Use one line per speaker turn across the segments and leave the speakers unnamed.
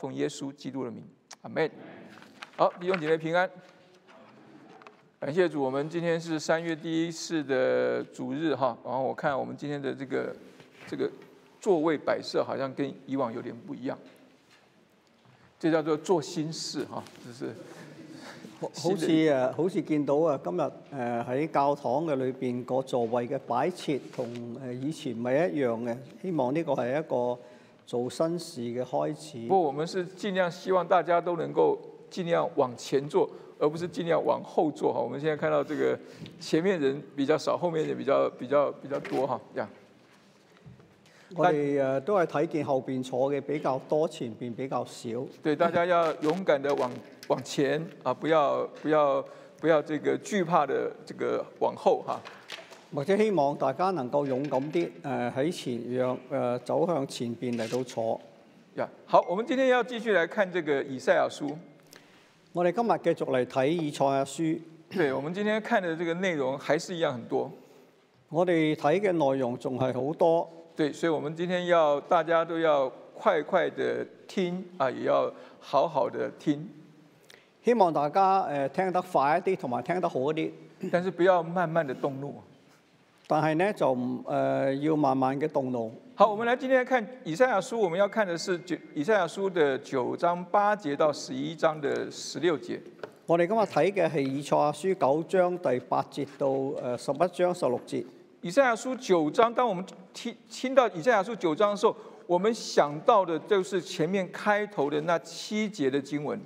奉耶穌基督的名，Amen。好，弟兄姐妹平安。感謝，謝主，我們今天是三月第一次的主日哈。然後我看我們今天的這個這個座位擺設好像跟以往有點不一樣。這叫做做新事哈，就是好。好似誒，
好似見到啊，今日誒喺教堂嘅裏邊，個座位嘅擺設同誒以前唔係一樣嘅。希望呢個係一個。做新事嘅開始。不過，我們
是盡量希望大家都能夠盡量往前坐，而不是盡量往後坐。哈，我們現在看到這個前面人比較少，後面人比較比較比較多。哈、yeah.
啊，呀但。我哋誒都係睇見後邊坐嘅比較多，前邊比較
少。對，大家要勇敢的往往前啊，不要不要不要這個懼怕的這個往後哈。
或者希望大家能夠勇敢啲，誒、呃、喺前讓，誒、呃、走向前邊嚟到坐。
呀，yeah. 好，我們今天要繼續來看這個以賽亞書。
我哋今日繼續嚟睇以賽亞書。
對，我們今天看的這個內容還是一樣很多。 我哋睇嘅內容仲係好多。對，所以，我們今天要大家都要快快的聽，啊，也要好好的聽。
希望大家誒、呃、聽得快一啲，同埋聽得好一啲。但是不要慢慢的動怒。但係咧就誒、呃、要慢慢嘅動腦。
好，我們嚟今天來看以賽亞書，我們要看嘅是，是以賽亞書的九章八節到十一章的十六節。
我哋今日睇嘅係以賽亞書九章第八節到誒十一章十六節。
以賽亞書九章，當我們聽到以賽亞書九章嘅時候，我們想到嘅就是前面開頭嘅那七節嘅經文。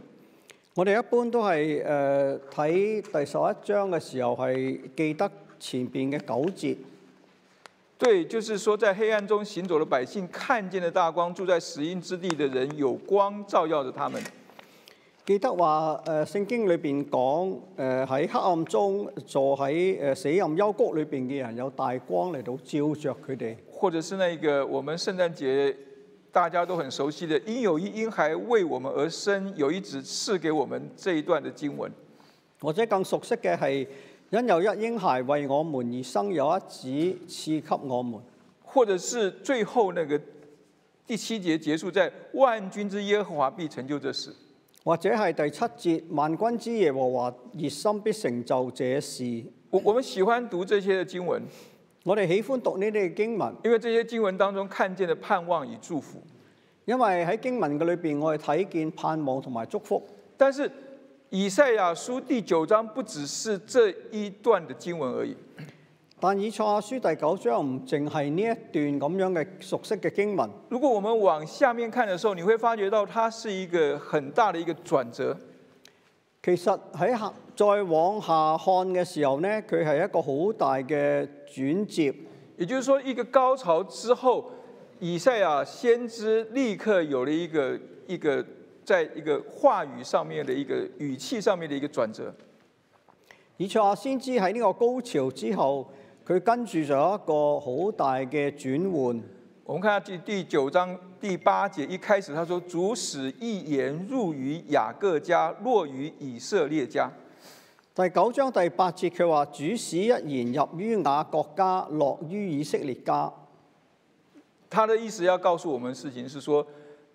我哋一般都係誒睇第十一章嘅時候係記得。前面嘅九節，
對，就是說在黑暗中行走的百姓看見了大光，住在死蔭之地的人有光照耀着他們。
記得話誒、呃，聖經裏邊講喺、呃、黑暗中坐喺、呃、死蔭幽谷裏邊嘅人，有大光嚟到照着佢哋。
或者是那一個，我們聖誕節大家都很熟悉的，因有一嬰孩為我們而生，有一子賜給我們，這一段的經文，或者更熟悉
嘅係。因有一嬰孩為我們而生，有一子賜給我們，
或者是最後那個第七節結束，在萬軍之耶和華必成就這事，
或者係第七節萬軍之耶和華熱心必成
就這事。我我們喜歡讀這些經文，我哋喜歡讀呢啲嘅經文，因為這些經文當中看見的盼望與祝福，
因為喺經文嘅裏邊，我哋
睇見盼望同埋祝福，但是。以賽亞書第九章不只是這一段的經文而已，
但以賽亞書第九章唔淨係呢一段咁樣嘅熟悉嘅經文。
如果我們往下面看的時候，你會發覺到它是一個很大的一個轉折。
其實喺下再往下看嘅時候呢，佢係一個好大嘅轉折，
也就是說一個高潮之後，以賽亞先知立刻有了一個一個。在一個話語上面的一個語氣上面的一個轉折，
而且我先知喺呢個高潮之後，佢跟住咗一個好大嘅
轉換。我們看下第第九章第八節一開始，他說主使一言入於雅各家，落於以色列家。
第九章第八節佢話主使一言入於雅各家，落於以色列家。
他的意思要告訴我們事情是說。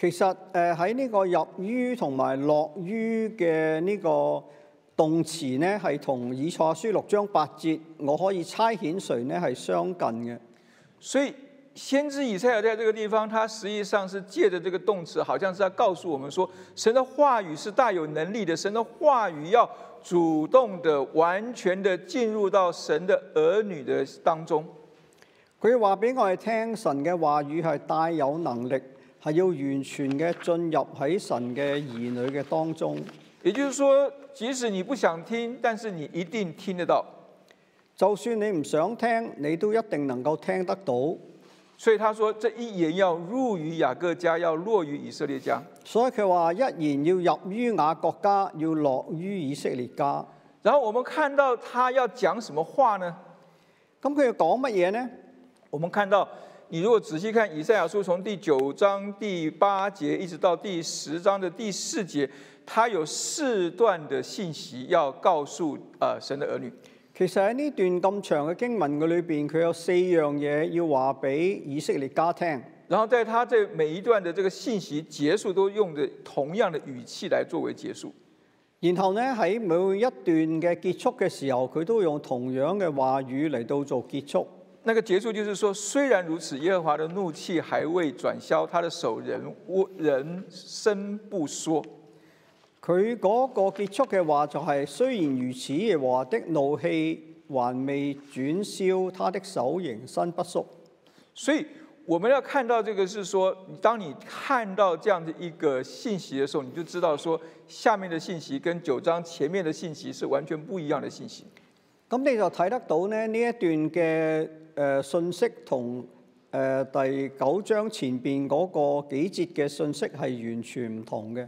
其實誒，喺呢個入於同埋落於嘅呢個動詞呢係同以賽亞書六章八節，我可以差遣誰呢係相近嘅。
所以先知以賽亞在這個地方，他實際上是借着這個動詞，好像是在告訴我們說，神的話語是帶有能力的，神的話語要主動的、完全的進入到神的兒女嘅當中。佢話俾我哋
聽，神嘅話語係帶有能力。要完全嘅進入喺神嘅兒女嘅當中。
也就是說，即使你不想聽，但是你一定聽得到。
就算你唔想聽，你都一定能夠聽得到。
所以他說，這一言要入於雅各家，要落於以色列家。
所以佢話，一言要入於雅各家，要落於以色列家。然後我們看到
他要講什麼話呢？咁佢要講乜嘢呢？我們看到。你如果仔細看以賽亞書從第九章第八節一直到第十章的第四節，它有四段的信息要告訴啊、呃、神的兒女。
其實喺呢段咁長嘅經文嘅裏邊，佢有四樣嘢要話俾以色列家聽。
然後在他在每一段的這個信息結束都用着同樣的語氣來作為結束。
然後呢喺每一段嘅結束嘅時候，佢都會用同樣嘅話語嚟到做結束。
那個結束就是說，雖然如此，耶和華的怒氣還未轉消，他的手仍握仍伸不
縮。佢嗰個結束嘅話就係、是，雖然如此，耶和華的怒氣還未轉消，他的手仍伸不縮。
所以我們要看到這個是說，當你看到這樣子一個信息嘅時候，你就知道說下面嘅信息跟九章前面嘅信息是完全不一樣的信息。
咁你就睇得到呢呢一段嘅。誒、呃、信息同誒、呃、第九章前邊嗰個幾節嘅信息係完全唔同嘅，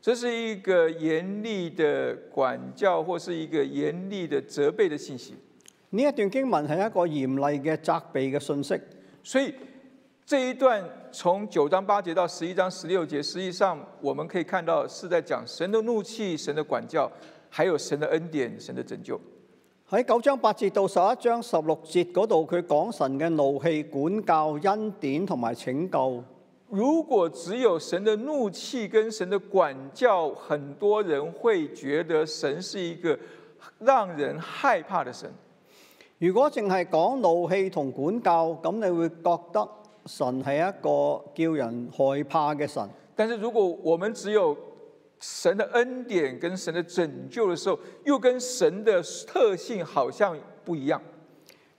這是一個嚴厲的管教或是一個嚴厲的責備的信息。呢一段
經文係一個嚴厲嘅責備嘅信息，
所以這一段從九章八節到十一章十六節，實際上我們可以看到是在講神的怒氣、神的管教，還有神的恩典、神的拯救。
喺九章八節到十一章十六節嗰度，佢講神嘅怒氣、管教、恩典同埋拯救。
如果只有神的怒氣跟神的管教，很多人會覺得神是一個讓人害怕的神。
如果淨係講怒氣同管教，咁你會覺得神係一個叫人害怕嘅神。
但是如果我們只有神的恩典跟神的拯救的時候，又跟神的特性好像不一樣。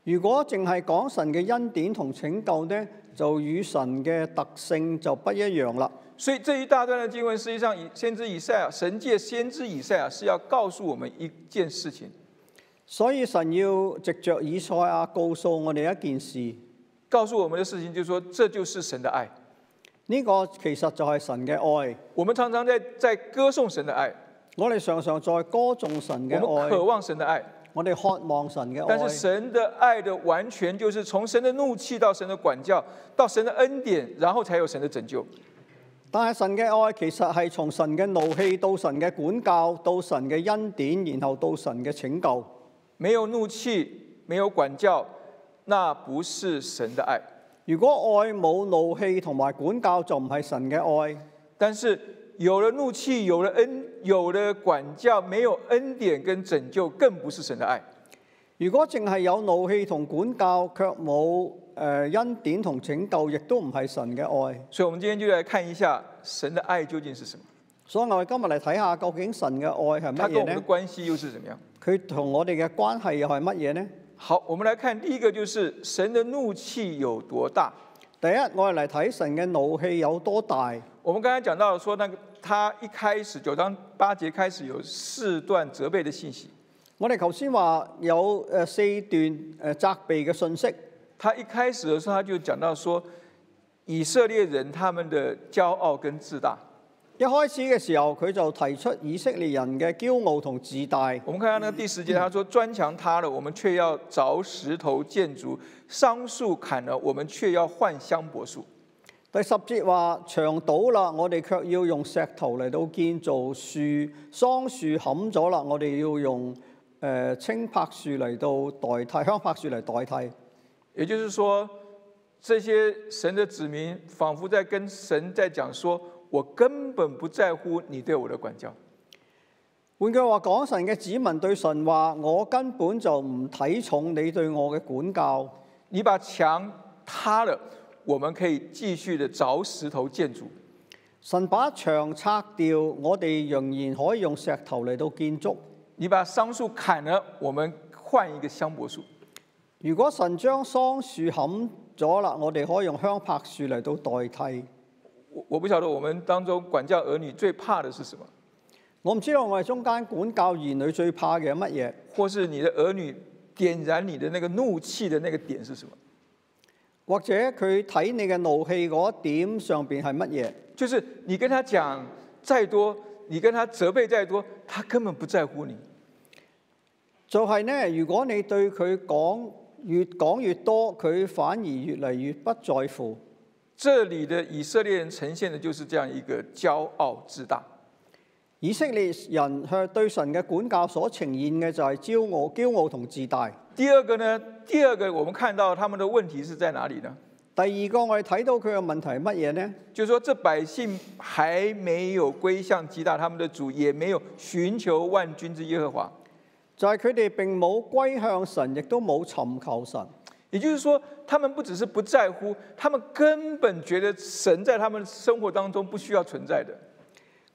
如果淨係講神嘅恩典同拯救呢，就與神嘅特性就不一樣啦。
所以這一大段的經文，實際上先知以賽亞，神借先知以賽亞，是要告訴我們一件事情。
所以神要藉着以賽亞，告訴我們一件事，
告訴我們的事情就是，就說這就是神的愛。
呢個其實就係神嘅愛。我們常常在在歌頌神嘅愛。我哋常常在歌頌神嘅愛。我們渴望神嘅愛。我哋渴望神嘅愛。但是
神嘅愛完全就是從神嘅怒氣到神嘅管教，到神嘅恩典，然後才有神嘅拯救。
但係神嘅愛其實係從神嘅怒氣到神嘅管教，到神嘅恩典，然後到神嘅拯救。
沒有怒氣，沒有管教，那不是神嘅愛。如果愛冇怒氣同埋管教，就唔係神嘅愛。但是有了怒氣，有了恩，有了管教，沒有恩典跟拯救，更不是神嘅愛。
如果淨係有怒氣同管教，卻冇誒、呃、恩典同拯救，亦都唔係神嘅愛。
所以，我們今天就來看一下神嘅愛究竟是什麼。
所以，我哋今日嚟睇下究竟神嘅愛係乜嘢。佢同我哋嘅
關係又係乜樣？
佢同我哋嘅關係乜嘢呢？好，我們來看第一個，就是神的怒氣有多大。第一，我哋嚟睇，神嘅怒氣有多大。
我們剛才講到說，說、那、呢、個，他一開始九章八節開始有四段責備的信息。我哋頭先話
有誒四段誒責備嘅信息。
他一開始的時候，他就講到說，以色列人他們的驕傲跟自大。一開始
嘅時候，佢就提出以色列人嘅驕傲同自大。我們睇
下呢第十節，嗯嗯、他說磚牆塌了，我們卻要鑿石頭建築；桑樹砍了，我們卻要換香柏樹。
第十節話牆倒啦，我哋卻要用石頭嚟到建造樹；桑樹砍咗啦，我哋要用誒青、呃、柏樹嚟到代替香柏樹嚟代替。代
替也就是說，這些神的子民仿佛在跟神在講說。我根本不在乎你對我的管教。
換句話講，神嘅子民對神話，我根本就唔睇重你對我嘅管教。你把牆塌
了，我們可以繼續的鑿石頭建築。
神把牆拆掉，我哋仍然可以用石頭嚟到建築。你把桑樹砍了，我們換一個香柏樹。如果神將桑樹砍咗啦，我哋可以用香柏樹嚟到代替。
我不曉得我們當中管教兒女最怕的是什麼？我唔知道我哋中間管教兒女最怕嘅係乜嘢，或是你的兒女點燃你的那個怒氣的那個點是什麼？或者
佢睇你嘅怒氣嗰點上面係乜嘢？就是你跟他講再
多，你跟他責備再多，他根本不在乎你。
就係呢，如果你對佢講越講越多，佢反而越嚟越不
在乎。這裏的以色列人呈現的，就是這樣一個驕傲自大。
以色列人向對神嘅管教所呈現嘅就係驕傲、驕傲同自大。
第二個呢，第二個我們看到他們的問題是在哪裏呢？
第二個我哋睇到佢嘅問題係乜嘢呢？
就是說，這百姓還沒有歸向擊打他們的主，也沒有尋求萬軍之耶和華。
就係佢哋並冇
歸向神，亦都冇尋求神，也就是說。他們不只是不在乎，他們根本覺得神在他們生活當中不需要存在的。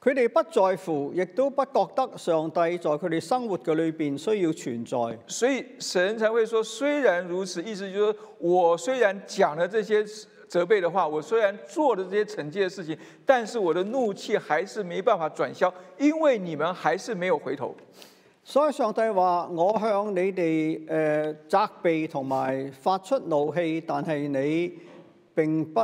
佢
哋不在乎，亦都不覺得上帝在佢哋生活嘅裏邊需要存在。
所以神才會說：雖然如此，意思就是我雖然講了這些責備的話，我雖然做了這些懲戒的事情，但是我的怒氣還是沒辦法轉消，因為你們還是沒有回頭。
所以上帝話：我向你哋誒、呃、責備同埋發出怒氣，但係你並不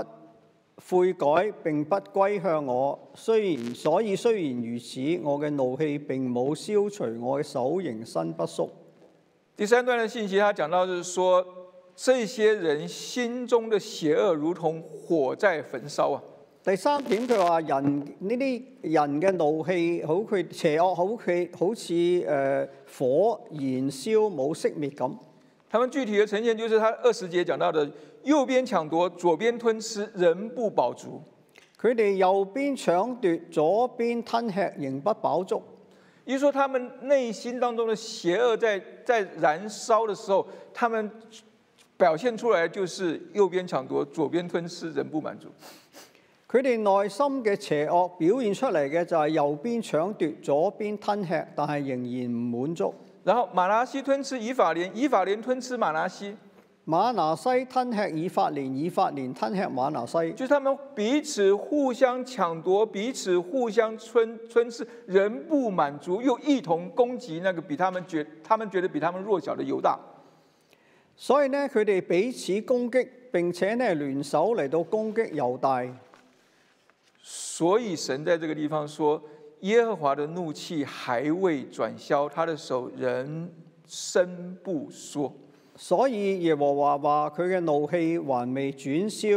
悔改，並不歸向我。雖然所以雖然如此，我嘅怒氣並冇消除，我嘅手仍伸不縮。
第三段嘅信息，他講到就是說，這些人心中的邪惡，如同火在焚燒啊！
第三點，佢話人呢啲人嘅怒氣好佢邪惡，好佢好似誒火燃燒冇熄滅咁。
他們具體嘅呈現就是，他二十節講到的，右邊搶奪，左邊吞吃，人不飽足。
佢哋右邊搶奪，左邊吞吃，仍不飽足。
於是，他們內心當中的邪惡在在燃燒的時候，他們表現出來就是右邊搶奪，左邊吞吃，人不滿足。
佢哋內心嘅邪惡表現出嚟嘅就係右邊搶奪，左邊吞吃，但係仍然唔滿足。然後
馬拿西吞吃以法蓮，以法蓮吞吃馬拿西，
馬拿西吞吃以法蓮，以法蓮吞吃馬拿西，
就係他們彼此互相搶奪，彼此互相吞吞吃，仍不滿足，又一同攻擊那個比他們覺他們覺得比他們弱小的猶大。
所以呢，佢哋彼此攻擊，並且呢聯手嚟到攻擊猶大。
所以神在這個地方說：“耶和華的怒氣還未轉消，他的手仍伸不縮。”所以耶和華話：“佢嘅怒氣還未轉
消，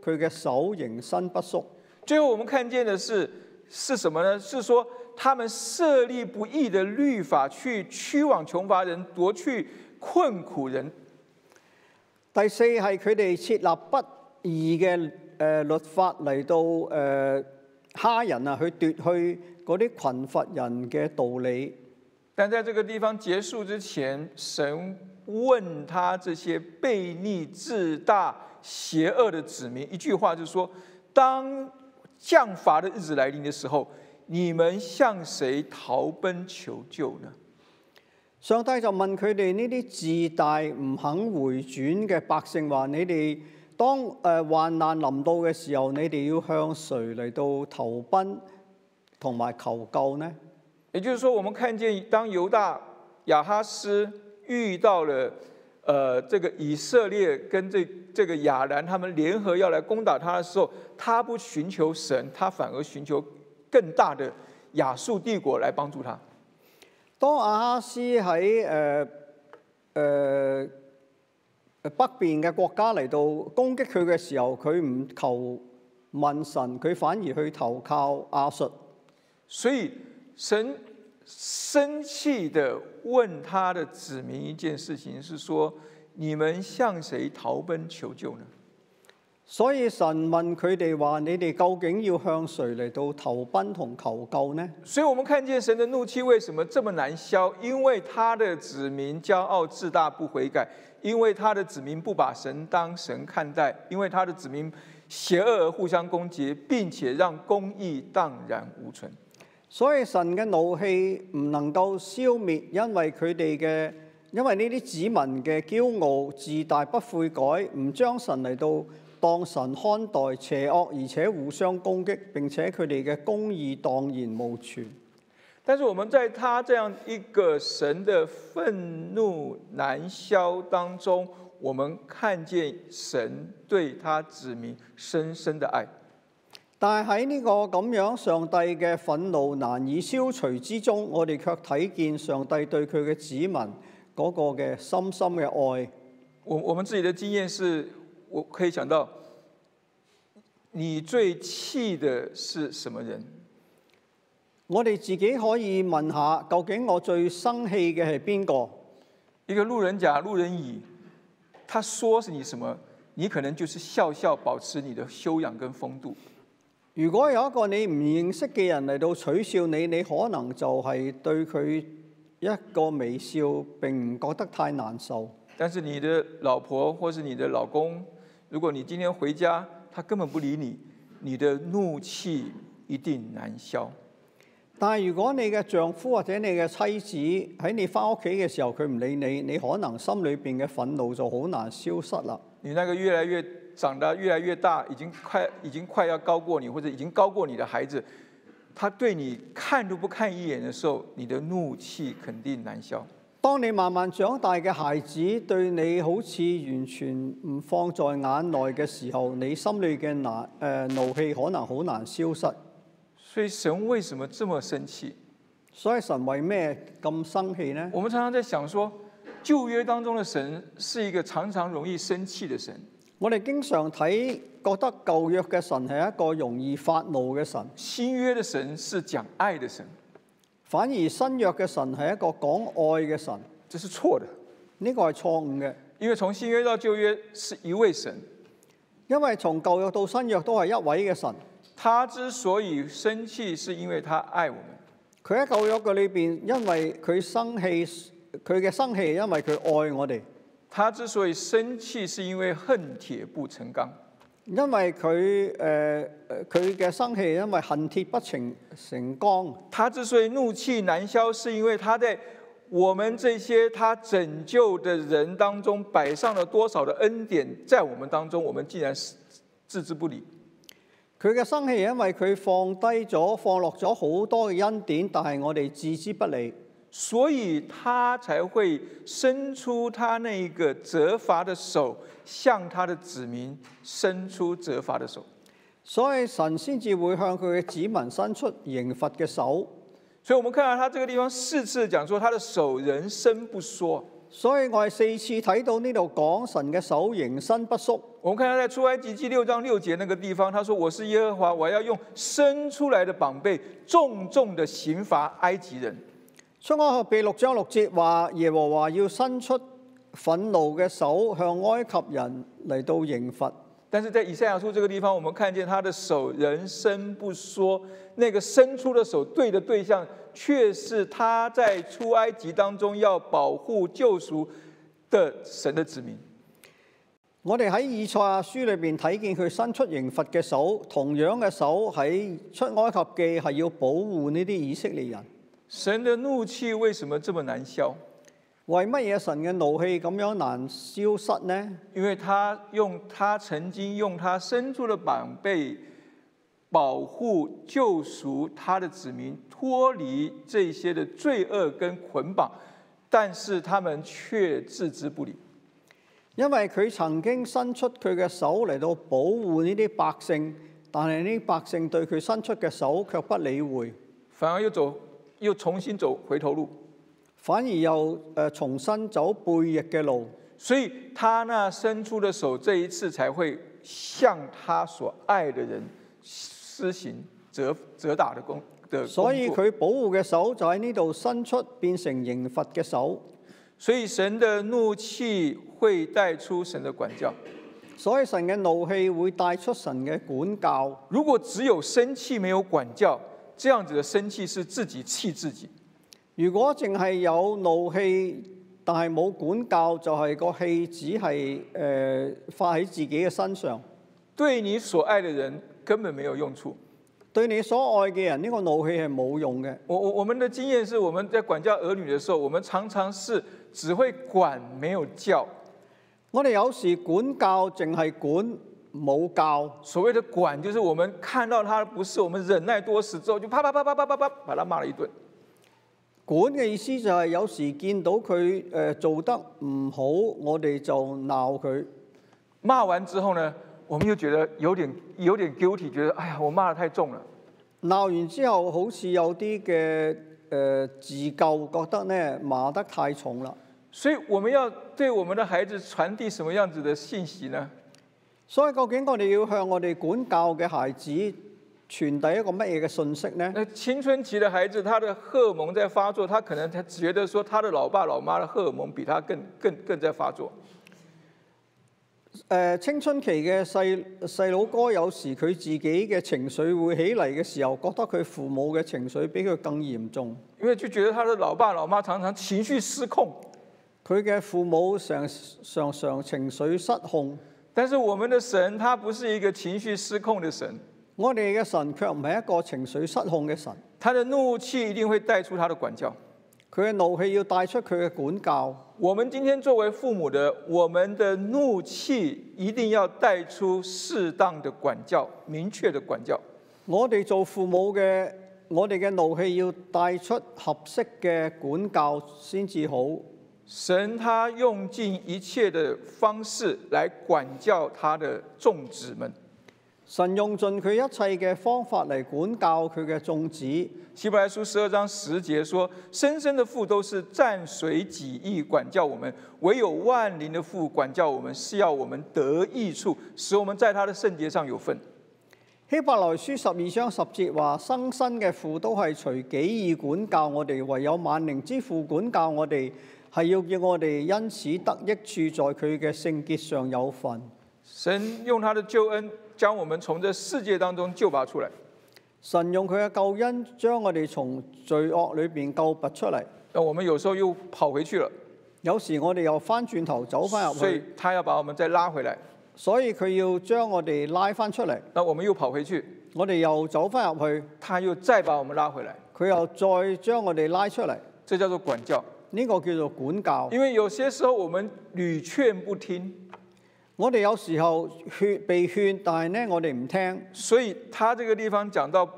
佢嘅手仍伸不縮。”
最後我們看見的是是什麼呢？是說他們設立不義的律法，去屈枉窮乏人，奪去困苦人。
第四係佢哋設立不義嘅。誒、呃，律法嚟到誒，蝦、呃、人啊，去奪去嗰啲窮乏人嘅道理。
但在這個地方結束之前，神問他這些悖逆自大、邪惡的子民一句話，就是說：當降罰的日子來臨嘅時候，你們向誰逃奔求救呢？
上帝就問佢哋呢啲自大唔肯回轉嘅百姓話：你哋。當誒患、呃、難臨到嘅時候，你哋要向誰嚟到投奔同埋
求救呢？也就是說，我們看見當猶大亞哈斯遇到了誒、呃、這個以色列跟這這個亞蘭，他們聯合要來攻打他的時候，他不尋求神，他反而尋求更大的亞述帝國來幫助他。
當亞哈斯喺誒誒。呃呃北邊嘅國家嚟到攻擊佢嘅時候，佢唔求問神，佢反而去投靠亞述。
所以神生氣地問他的子民一件事情，是說：你們向誰逃奔求救呢？
所以神問佢哋話：你哋究竟要向誰嚟到投奔同求救
呢？所以，我們看見神的怒氣為什麼這麼難消？因為他的子民驕傲自大，不悔改。因為他的子民不把神當神看待，因為他的子民邪惡而互相攻擊，並且讓公義蕩然無存。
所以神嘅怒氣唔能夠消滅，因為佢哋嘅因為呢啲子民嘅驕傲、自大、不悔改，唔將神嚟到當神看待，邪惡而且互相攻擊，並且佢哋嘅公義蕩然無
存。但是我們在他這樣一個神的憤怒難消當中，我們看見神對他子民深深的愛。
但係喺呢個咁樣上帝嘅憤怒難以消除之中，我哋卻睇見上帝對佢嘅子民嗰個
嘅深深嘅愛。我我們自己的經驗是，我可以想到，你最氣的是什麼人？
我哋自己可以問下，究竟我最生氣嘅係邊個？一
個路人甲、路人乙，他說是你什麼，你可能就是笑笑保持你的修養跟風度。如果有一個你唔認識嘅人
嚟到取笑你，你可能就係對佢一個微笑，並唔覺得太難受。
但是你的老婆或是你的老公，如果你今天回家，他根本不理你，你的怒氣一定難消。
但係如果你嘅丈夫或者你嘅妻子喺你返屋企嘅時候，佢唔理你，你可能心裏邊嘅憤怒就好難消失啦。
你那個越來越長得越來越大，已經快已經快要高過你或者已經高過你的孩子，他對你看都不看一眼嘅時候，你的怒氣肯定難消。
當你慢慢長大嘅孩子對你好似完全唔放在眼內嘅時候，你心裏嘅怒氣可能好難消失。
所以神為什麼這麼生氣？所以神為咩咁生氣呢？我們常常在想說，舊約當中的神是一個常常容易生氣的神。我哋經常睇，
覺得舊約嘅神係一個容易發怒嘅神。新約的神是講愛的神，反而新約嘅神係一個講愛嘅神。這是錯的，
呢個係錯誤嘅。因為從新約到舊約是一位神，
因為從舊約到新約都係一位嘅神。
他之所以生氣，是因為他愛我們。
佢喺教約嘅裏邊，因為佢生氣，佢嘅生氣，因為佢
愛我哋。他之所以生氣，是因為恨鐵不成鋼。
因為佢誒，佢嘅生氣，因為恨鐵不成成鋼。
他之所以怒氣難消，是因為他在我們這些他拯救的人當中，擺上了多少的恩典，在我們當中，我們竟然是置之不理。
佢嘅生氣，因為佢放低咗、放落咗好多嘅
恩典，但係我哋置之不理，所以他才會伸出他那一個責罰嘅手，向他的子民伸出責罰嘅手。
所以神先至會向佢嘅子民伸出刑罰嘅手。所以，我
們看到他這個地
方四次講說，他的手仍伸不縮。所以我係四次睇到呢度講神嘅手仍伸不縮。
我們看到在出埃及記六章六節那個地方，他說：我是耶和華，我要用伸出來的膀臂重重的刑罰埃及人。
出埃及記六章六節話耶和華要伸出憤怒嘅手向埃及人嚟到刑罰。
但是在以賽亞書這個地方，我們看見他的手，人生不說，那個伸出的手對的對象，却是他在出埃及當中要保護救贖的神的子民。
我哋喺以賽亞書裏邊睇見佢伸出刑罰嘅手，同樣嘅手喺出埃及記係要保護呢啲以色列人。神的怒氣為什麼這麼難消？為乜嘢神嘅
怒氣咁樣難消失呢？因為他用他曾經用他伸出的膀臂保護救贖他的子民脫離這些的罪惡跟捆綁，但是他們卻置之不理。
因為佢曾經伸出佢嘅手嚟到，保護呢啲百姓，但係呢啲百姓對佢伸出嘅手卻不理會，反
而又走，又重新走回頭路。反而又呃，重新走背逆嘅路，所以他那伸出的手，這一次才會向他所愛的人施行責責打的功。的所以佢
保護嘅手就喺呢度伸出，變成刑罰嘅手。
所以神的怒氣會帶出神的管教，所以神嘅怒氣會帶出神嘅管教。如果只有生氣沒有管教，這樣子嘅生氣是自己氣自己。如果淨係有怒氣，
但係冇管教，就係、是、個氣只係誒發喺自己嘅身上，
對你所愛嘅人根本沒有用處。對你所愛嘅人，呢、這個怒氣係冇用嘅。我我我們嘅經驗是，我們在管教兒女嘅時候，我們常常是只會管，沒有教。我哋有時管教淨係管，冇教。所謂的管，就是我們看到他不是我們忍耐多時之後，就啪啪啪啪啪啪啪把他罵了一頓。
管嘅意思就係有時見到佢誒、呃、做得唔好，我哋
就鬧佢。罵完之後呢，我們又覺得有點有點 guilty，覺得哎呀，我罵得太重了。鬧完之後好似有啲
嘅、呃、自疚，覺得呢罵得太重啦。
所以我們要對我們的孩子傳遞什麼樣子的信息呢？所以究竟我哋要向
我哋管教嘅孩子傳遞一個乜嘢嘅信息呢？
青春期的孩子，他的荷爾蒙在發作，他可能他覺得說他的老爸、老媽的荷爾蒙比他更、更、更在發作。
誒、呃，青春期嘅細細佬哥，有時佢自己嘅情緒會起嚟嘅時候，覺得佢父母嘅情緒比佢更嚴重，
因為就覺得他的老爸、老媽常常情緒失控，
佢嘅父母常常常情緒失控。
但是我們的神，他不是一個情緒失控的神。
我哋嘅神卻唔係一個情緒失控嘅神，他的怒
氣一定會帶出他的管教，佢嘅怒氣要帶出佢嘅管教。我們今天作為父母的，我們的怒氣一定要帶出適當的管教，明確的管教。
我哋做父母嘅，我哋嘅怒氣要帶出合適嘅管教先至好。
神他用盡一切的方式來管教他的眾子們。
神用盡佢一切嘅方法嚟管教佢嘅眾子。
希伯來書十二章十節說：生生的父都是暫隨己意管教我們，唯有萬靈的父管教我們，是要我們得益處，使我們在他的聖潔上有份。
希伯來書十二章十節話：生生嘅父都係隨己意管教我哋，唯有萬靈之父管教我哋，係要叫我哋因此得益處，在佢嘅聖潔上有份。
神用他的救恩。將我們從這世界當中救拔出來，
神用佢嘅救恩將我哋從罪惡裏邊救拔出嚟。但我們有時候又跑回去了，有時我哋又翻轉頭走翻入去。所以，
他要把我們再拉回來。
所以佢要將我哋拉翻出嚟。那我，我們又跑回去，我哋又走翻入去，他又再把我們拉回來。佢又再將我哋拉出嚟。這叫做管教，呢個叫做管教。因為有些時候
我們屢勸不聽。我哋有時候勸被勸，但係呢，我哋唔聽。所以他這個地方講到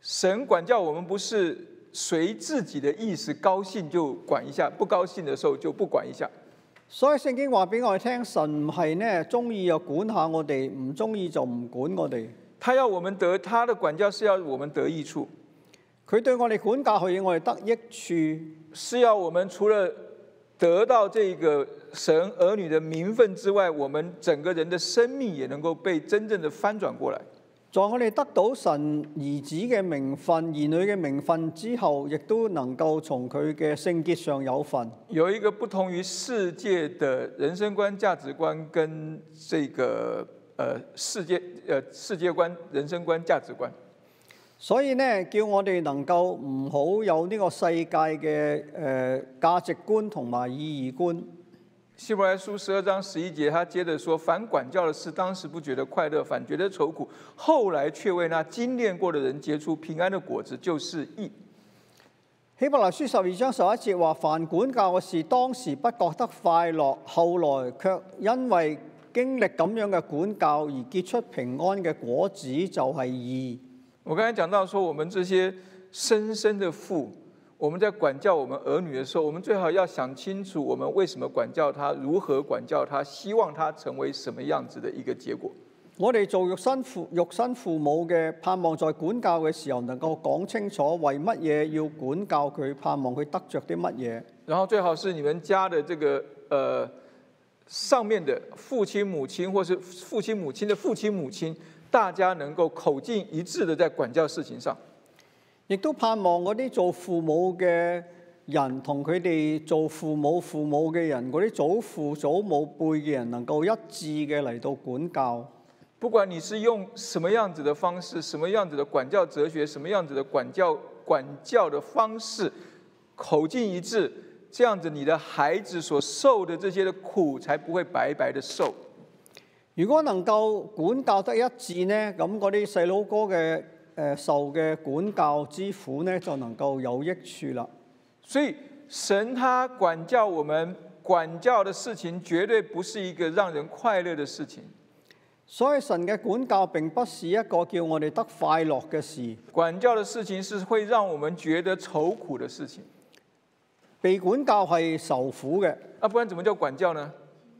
神管教我們，不是隨自己的意思，高興就管一下，不高興的時候就不管一下。
所以聖經話俾我哋聽，神唔係呢中意就管下我哋，唔中意就
唔管我哋。他要我們得他的管教，是要我們得益處。佢對我哋管教可以，我哋得益處，是要我們除了。得到這個神兒女的名分之外，我們整個人的生命也能夠被真正的翻轉過來。
在我哋得到神兒子嘅名分、兒女嘅名分之後，亦都能夠從佢嘅聖潔上有份。
有一個不同於世界的人生觀、價值觀，跟這個呃世界、呃世界觀、人生觀、價值觀。
所以呢，叫我哋能夠唔好有呢個世界嘅誒、呃、價值觀同埋意義觀。
希伯來書十二章十一節，他接着說：凡管教嘅事，當時不覺得快樂，反覺得愁苦；後來卻為那經練過的人結出平安的果子，就是義。
希伯來書十二章十一節話：凡管教嘅事，當時不覺得快樂，後來卻因為經歷咁樣嘅管教而結出平
安嘅果子，就義，就係義。我剛才講到說，我們這些生身的父，我們在管教我們兒女的時候，我們最好要想清楚，我們為什麼管教他，如何管教他，希望他成為什麼樣子的一個結果。我哋做肉
身父肉身父母嘅，盼望在管教嘅時候能夠講清楚為乜嘢要管教佢，盼望佢得着啲乜嘢。
然後最好是你們家的這個呃上面的父親母親，或是父親母親的父親母親。大家能夠口徑一致的在管教事情上，亦都盼望
嗰啲做父母嘅人同佢哋做父母父母嘅人，嗰啲祖父祖母輩嘅人能夠一致嘅嚟到管教。
不管你是用什麼樣子的方式，什麼樣子的管教哲學，什麼樣子的管教管教的方式，口徑一致，這樣子你的孩子所受的這些的苦，才不會白白的受。
如果能夠管教得一致呢，咁嗰啲細佬哥嘅、呃、受嘅管教之苦呢，就能
夠有益處啦。所以神祂管教我們管教的事情，絕對不是一個讓人快樂的事情。
所以神嘅管教並不是一個叫我哋得快樂嘅事。管教的事情是會讓我們覺
得愁苦的事情。被管教係受苦嘅、啊，不然怎麼叫管教呢？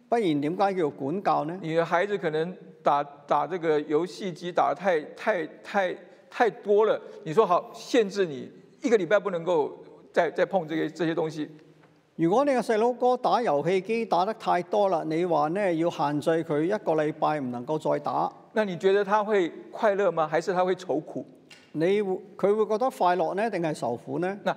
不然點解叫管教呢？你的孩子可能打打這個遊戲機打得太太太太多了，你說好，限制你一個禮拜不能夠再再碰這個這些東西。
如果你個細佬哥打遊戲機打得太多啦，你話呢，要限制佢一個禮拜唔能夠再打。
那你覺得他會快樂嗎？還是他會愁苦？你會，佢會覺得快樂呢，定係受苦呢？那？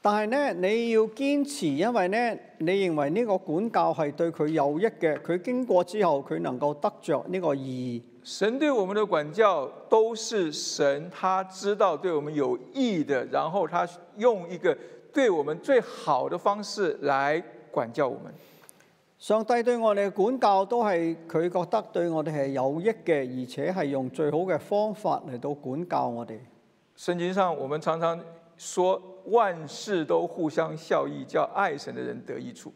但係咧，你要堅持，因為咧，你認為呢個管教係對佢有益嘅，佢經過之後佢能夠得着呢個意義。
神對我們的管教都是神他知道對我們有益的，然後他用一個對我們最好的方式來管教我們。上帝
對我哋嘅管教都係佢覺得對我哋係有益嘅，而且係用最好嘅方法嚟到管教我哋。
聖經上我們常常說。萬事都互相效益，叫愛神嘅人得益處。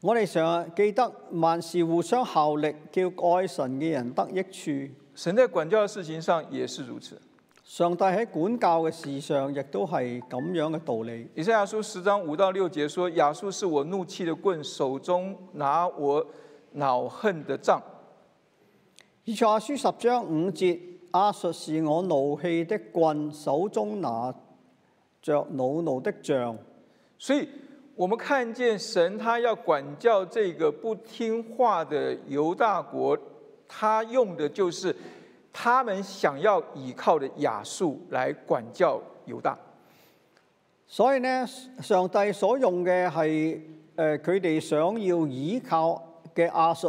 我哋成日記得萬事互相效力，叫愛神嘅人得益處。
神在管教嘅事情上也是如此。
上帝喺管教嘅事上亦都係咁樣嘅道理。
以賽亞書十章五到六節說：亞述是我怒氣的棍，手中拿我惱恨的杖。以賽亞書十章五節：
亞述是我怒氣的棍，手中拿。着惱
怒的杖，所以我們看見神，他要管教這個不聽話的猶大國，他用的就是他們想要倚靠的亞述來管教猶大。
所以呢，上帝所用的係誒佢哋想要倚靠嘅亞述，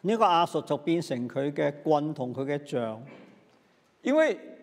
呢、這個亞述就變成佢嘅棍同佢嘅杖，
因為。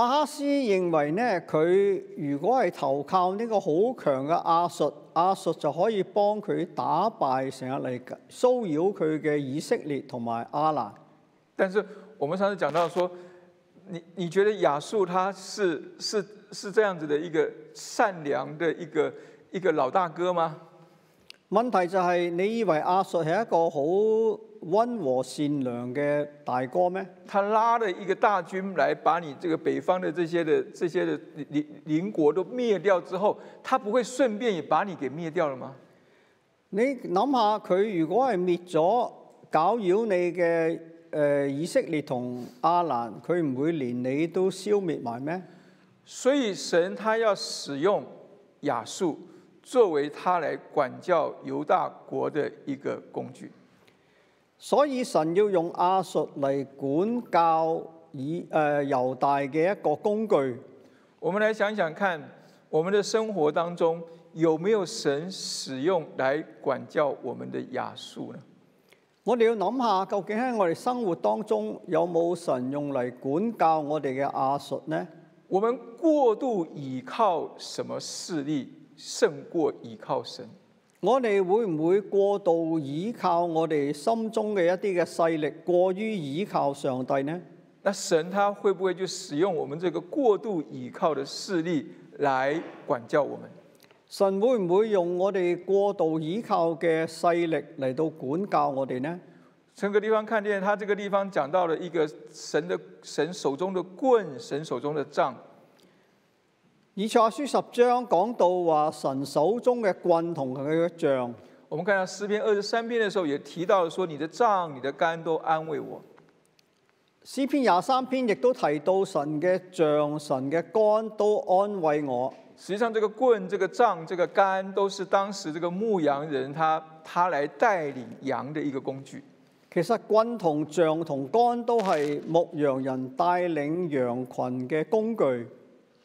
阿哈斯認為呢佢如果係投靠呢個好強嘅亞述，亞述就可以幫佢打敗成
日嚟騷擾佢嘅以色列同埋阿蘭。但是我們上次講到說，你你覺得亞述，他是是是這樣子的一個善良嘅一個一個老大哥嗎？
問題就係你以為亞述係一個好温和善良嘅大哥咩？
他拉了一個大軍來把你這個北方的這些的這些鄰鄰國都滅掉之後，他不會順便也把你給滅掉了嗎？
你諗下佢如果係滅咗搞擾你嘅誒、呃、以色列同亞蘭，佢唔會連你都消滅埋咩？
所以神他要使用亞述作為他來管教猶大國的一個工具。
所以神要用亞述嚟管教
以誒、呃、猶大嘅一個工具。我們嚟，想想看，我們的生活當中有沒有神使用嚟管教我們的亞述呢？
我哋要諗下，究竟喺我哋生活當中有冇神用嚟管教我哋嘅亞述呢？我們過度倚靠
什麼勢力，勝過倚靠神？
我哋會唔會過度依靠我哋心中嘅一啲嘅勢力？過於依靠上帝呢？
那神他會不會就使用我們這個過度依靠嘅勢力來管教我們？
神會唔會用我哋過度依靠嘅勢力嚟到管教我哋呢？
從這個地方看見，他這個地方講到了一個神的神手中的棍，神手中的杖。以賽亞書十
章講到話神手中嘅棍同佢嘅杖，
我們睇下詩篇二十三篇嘅時候也提到了，說你的杖、你的竿都安慰我。
詩篇廿三篇亦都提到神嘅杖、神嘅竿都安慰我。事
實上，這個棍、這個杖、這個竿，都是當時這個牧羊人他他來帶領羊的一個工具。
其實棍同杖同竿都係牧羊人帶領羊群嘅工具。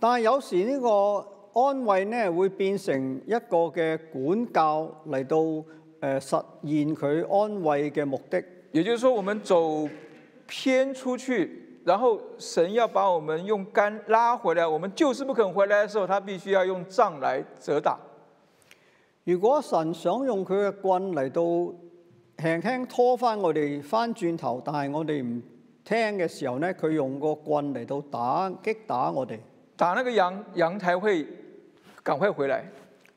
但係有時呢個
安慰呢，會變成一個嘅管教嚟到誒、呃、實
現佢安慰嘅目的。也就是說，我們走偏出去，然後神要把我們用竿拉回來，我們就是不肯回來嘅時候，他必須要用杖來責打。
如果神想用佢嘅棍嚟到輕輕拖返我哋返轉頭，但係我哋唔聽嘅時候呢，佢用個棍嚟到打、擊打我哋。打那個羊，羊才會
趕快回來。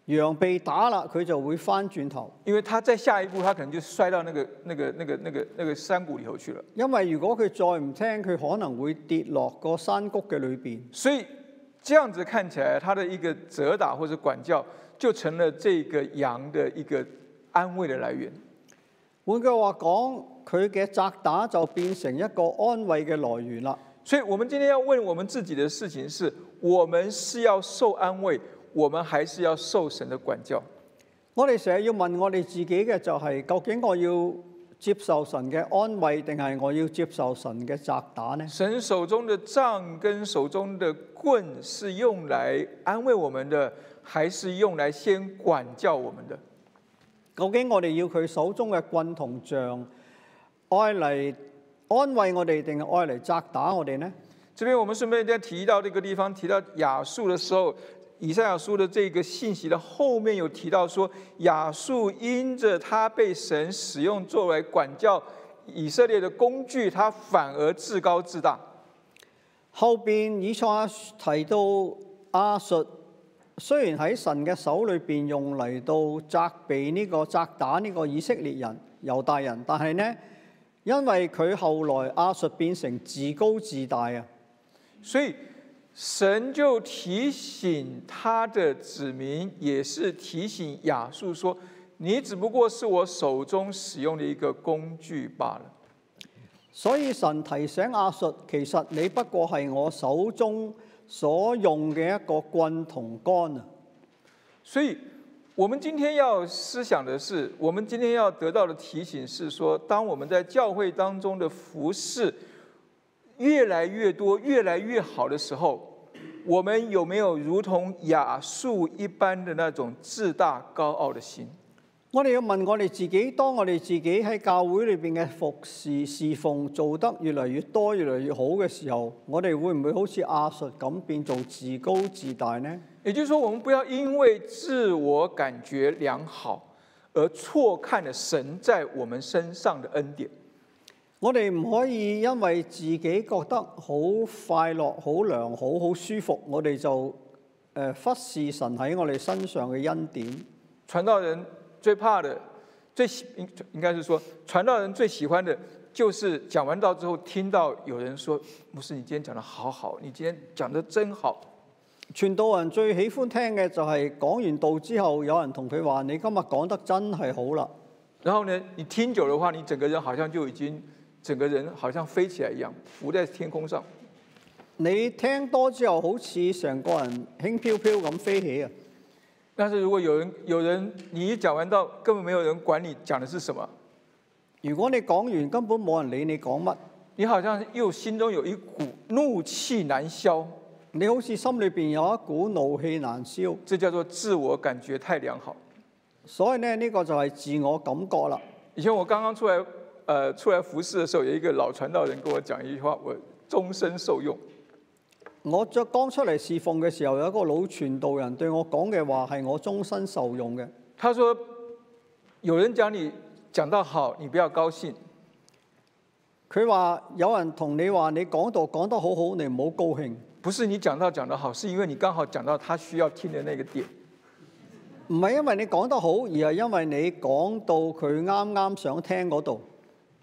羊被打啦，佢就會翻轉頭，因為他在下一步，他可能就摔到那個、那個、那個、那個、那個山谷裏頭去了。
因為如果佢再唔
聽，佢可能會跌落個山谷嘅裏邊。所以，這樣子看起來，他的一個責打或者管教，就成了這個羊的一個安慰的來源。
換句話講，佢嘅責打就變成一個安慰
嘅來源啦。所以，我們今天要問我們自己的事情是，是我們是要受安慰，我們還是要受神的管教？我哋成日要問我哋自己
嘅就係、是，究竟我要接受神嘅安慰，定係我要接受神嘅責
打呢？神手中的杖跟手中的棍是用來安慰我們的，還是用來先管教我們的？究竟我哋
要佢手中嘅棍同杖，愛嚟？安慰我哋定係愛嚟責打我哋呢？
這邊我們順便再提到這個地方，提到亞述嘅時候，以賽亞書的這個信息的後面有提到說，亞述因着他被神使用作為管教以色列的工具，他反而自高自大。
後邊以賽亞提到亞述，雖然喺神嘅手裏邊用嚟到責備呢個責打呢個以色列人、猶大人，但係呢？因為佢後來亞述變成
自高自大啊，所以神就提醒他的子民，也是提醒亞述說：你只不過是我手中使用的一個工具罷了。
所以神提醒亞述，其實你不過係我手中所用嘅一個棍
同杆啊。所以。我們今天要思想的是，我們今天要得到的提醒是說，當我們在教會當中的服侍越來越多、越來越好的時候，我們有沒有如同亞述一般的那種自大高傲的心？我哋要問我哋
自己，當我哋自己喺教會裏邊嘅服侍侍奉做得越嚟越多、越嚟越好嘅時候，我哋會唔會好似亞述咁變做自高自大呢？
也就是說，我們不要因為自我感覺良好而錯看了神在我們身上的恩典。我哋唔可以因為自
己覺得好快樂、好良好、好舒服，我哋就誒、呃、
忽視神喺我哋身上嘅恩典。傳道人最怕的、最喜、應該是說，傳道人最喜歡的，就是講完道之後聽到有人說：“牧師，你今天講得好好，你今天講得真好。”傳道人最
喜歡聽嘅就係講完道之後，有人同佢話：你今日講得真係好啦。
然後呢，你聽咗嘅話，你整個人好像就已經，整個人好像飛起來一樣，浮在天空上。你聽多之後，好似成個人輕飄飄咁飛起啊！但是如果有人有人，你一講完道，根本沒有人管你講的是什麼。如果你講完，根本冇人理你講乜，你好像又
心中有一股怒氣難消。你好似心裏邊有一股怒氣
難消，這叫做自我感覺太良好。所以呢，呢、呢個就係自我感覺啦。以前我剛剛出來、呃，出來服侍的時候，有一個老傳道人跟我講一句話，我終身受用。
我著剛出嚟侍奉嘅時候，有一個老傳道人對我講嘅話係我終身受用嘅。
他說：有人講你講得好，好，你不要高興。
佢話有人同你話你講道講得好好，你唔好高興。
不是你講到講得好，是因為你剛好講到他需要聽的那個點。
唔係因為你講得好，而係因為你講到佢啱啱想聽嗰度。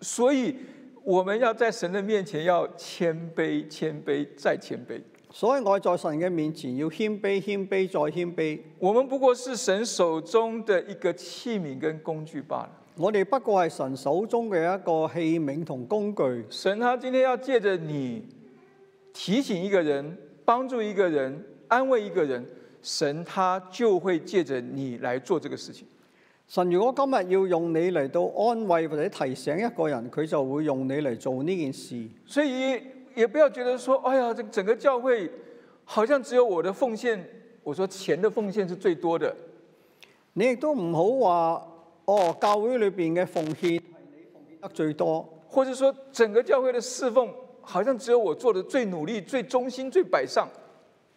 所以
我們要在神的面前要謙卑，謙卑再謙卑。所以我在神嘅面前要謙卑，謙卑再謙卑。我們不過是神手中的一個器皿跟工具罷了。
我哋不過係神手中嘅一個器皿同工具。
神他今天要借着你，提醒一個人，幫助一個人，安慰一個人，神他就會借着你來做這個事情。神如果今日要用
你嚟到安慰或者提醒一個人，佢就會用你嚟做呢件事。所
以也不要覺得說，哎呀，這整個教會好像只有我的奉獻。我說錢的奉獻是最多的。
你亦都唔好話，哦，教會裏邊嘅奉獻係你奉獻得最多，
或者說整個教會的侍奉，好像只有我做的最努力、最忠心、最擺上，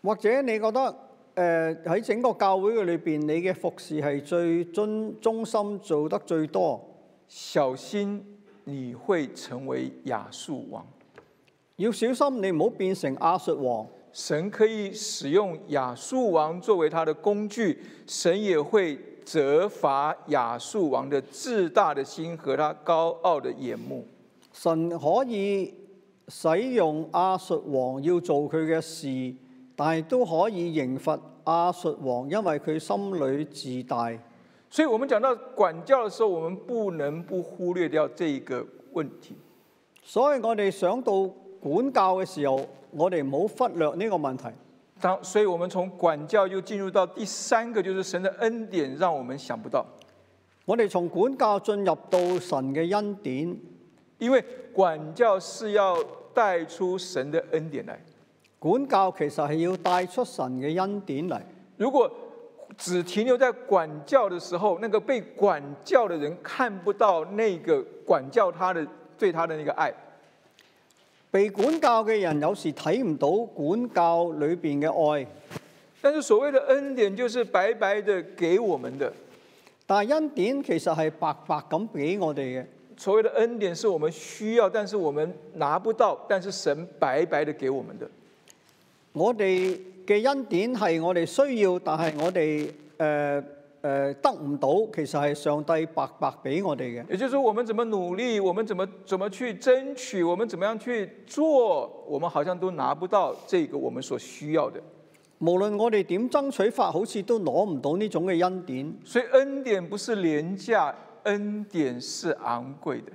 或者你覺得誒喺、呃、整個教會嘅裏邊，你嘅服侍係最忠忠心做得最多，
小心你會成為亞述王。要小心你唔好變成亞述王。神可以使用亞述王作為他的工具，神也會責罰亞述王的自大的心和他高傲的眼目。
神可以。使用亞述王要做佢嘅事，但係都可以刑罰亞述王，因為佢心裏自大。
所以，我們講到管教嘅時候，我們不能不忽略掉這個問題。所以我哋想到管教嘅時候，我哋冇忽略呢個問題。當，所以我們從管教就進入到第三個，就是神嘅恩典，讓我們想不到。我哋從管教進入到神嘅恩典。因為管教是要帶出神的恩典來，管教其實係要帶出神嘅恩典嚟。如果只停留在管教的時候，那個被管教的人看不到那個管教他的對他的那個愛，被
管教嘅人有時睇唔到管教裏邊嘅愛。但是所謂的
恩典就是白白的給我們的，
但係恩典其實係白白
咁俾我哋嘅。所謂的恩典是我們需要，但是我們拿不到，但是神白白的給我們的。我哋嘅恩典係我哋需
要，但係我哋誒誒得唔到，其實係上帝白白俾我哋嘅。也
就是說我們怎麼努力，我們怎麼怎麼去爭取，我們怎麼樣去做，我們好像都拿不到這個我們所需要的。無論我哋點爭取法，好似都攞唔到呢種嘅恩典。所以恩典不是廉價。恩
典是昂貴的，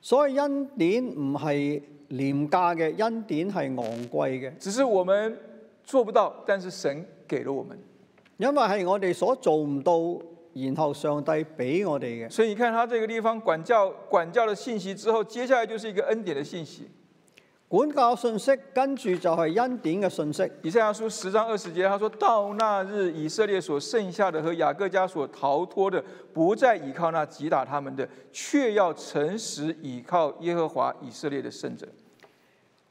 所以恩典唔係廉價嘅，恩典係昂貴嘅，只是我們做不到，但是神給了我們，因為係我哋所做唔到，然後上帝俾我哋嘅。
所以你看他這個地方管教管教的，信息之後，接下來就是一個恩典的信息。
管教信息，跟住就係恩典嘅信息。
以賽亞書十章二十節，他說：到那日以色列所剩下的和雅各家所逃脫的，不再倚靠那擊打他們的，卻要誠實倚靠耶和華以色列的聖者。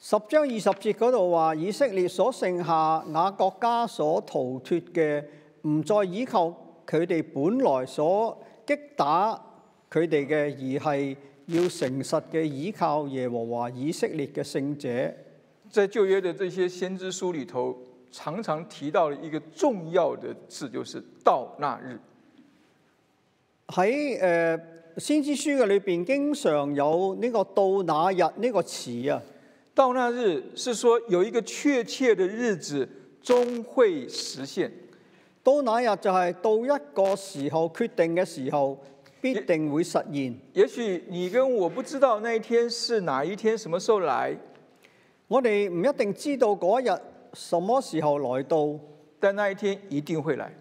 十章二十節嗰度話，以色列所剩下雅各家所逃脫嘅，唔再倚靠佢哋本來所擊打佢哋嘅，而係。要誠實嘅依靠耶和華以色列嘅聖
者，在舊約嘅這些先知書裏頭，常常提到一個重要嘅字，就是那到那日。
喺誒先知書嘅裏邊，經常有呢個到那日呢個詞啊。到
那日是說有一個確切嘅日子終會實現。
到那日就係到一個時候決定嘅時候。必定會實現。也許你跟我不知道那一天是哪一天，什麼時候來，我哋唔一定知道嗰一日什麼時候來到，但那一天一定會來，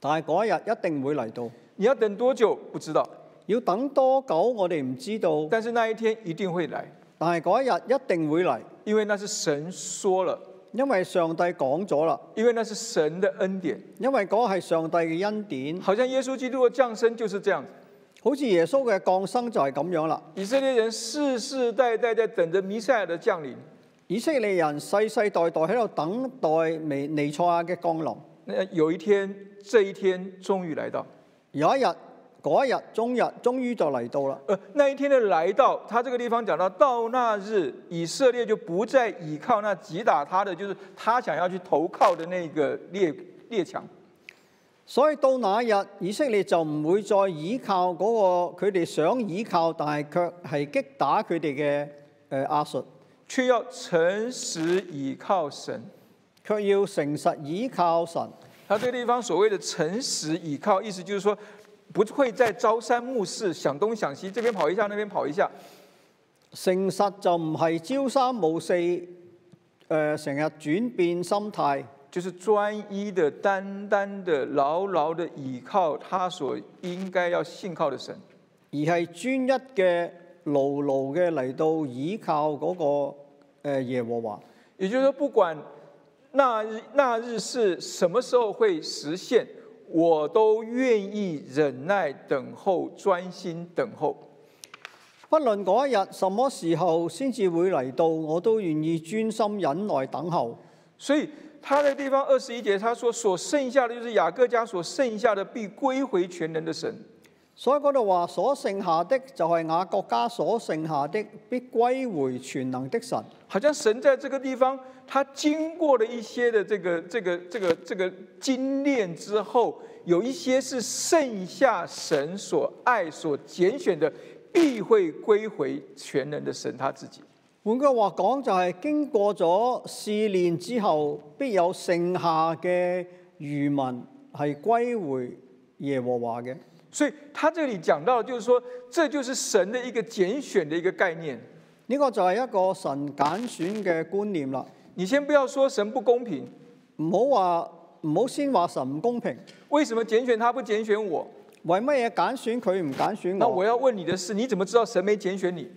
但係嗰一日一定會嚟到。你要等多久？不知道，要等多久？我哋唔知道。但是那一天一定會來，但係嗰一日一定會嚟，因為那是神說了。因為上帝講咗啦，因為那是神的恩典，因為嗰係上帝嘅恩典。好像耶穌基督嘅降生就是這樣子，好似耶穌嘅降生就係咁樣啦。
以色列人世世代代在等着彌賽亞的降臨，
以色列人世世代代喺度等待尼彌賽亞嘅降臨。
有一天，這一天終於來到，有一日。嗰一中日終日終於就嚟到啦。誒、呃，那一天的嚟到，他這個地方講到到那日，以色列就不再倚靠那擊打他的，就是他想要去投靠的那個列列強。
所以到那一日，以色列就唔會再依靠嗰個佢哋想依靠，但係卻係擊打佢哋嘅誒亞述，呃、卻
要誠實倚靠神，卻要誠實倚靠神。他呢個地方所謂的誠實倚靠，意思就是說。不會再朝三暮四，想東想西，這邊跑一下，那邊跑一下。
成日就唔係朝三暮
四，誒、呃，成日轉變心態，就是專一的、單單的、牢牢的倚靠他所應該要信靠的神，
而係專一嘅、牢牢嘅嚟到倚靠嗰、那個
誒、呃、耶和華。也就是說，不管那日那日是什麼時候會實現。我都願意忍耐等候，專心等候。
不論嗰一日什麼時候先至會來到，我都願意專心忍耐等候。
所以，他的地方二十一節，他說：所剩下的就是雅各家所剩下的，必歸回全能的神。所以嗰度話，所
剩下的就係雅各家所剩下的，必歸回全能的神。
好像神在這個地方，他經過了一些的這個、這個、這個、這個經驗、這個、之後，有一些是剩下神所愛所揀選的，必會歸回全能的神他自己。換句話講
就係、是、經過咗試煉之後，必有剩下嘅
餘民係歸回耶和華嘅。所以他這裏講到，就是說，這就是神的一個揀選的一個概念。
呢個就係一個神揀選嘅觀念啦。你先不要說神不公平，唔好話唔好先話神唔公平。為什麼揀選他不揀選我？為乜嘢揀選佢唔揀選我？那我要問你的是，你怎麼知道神沒揀選你？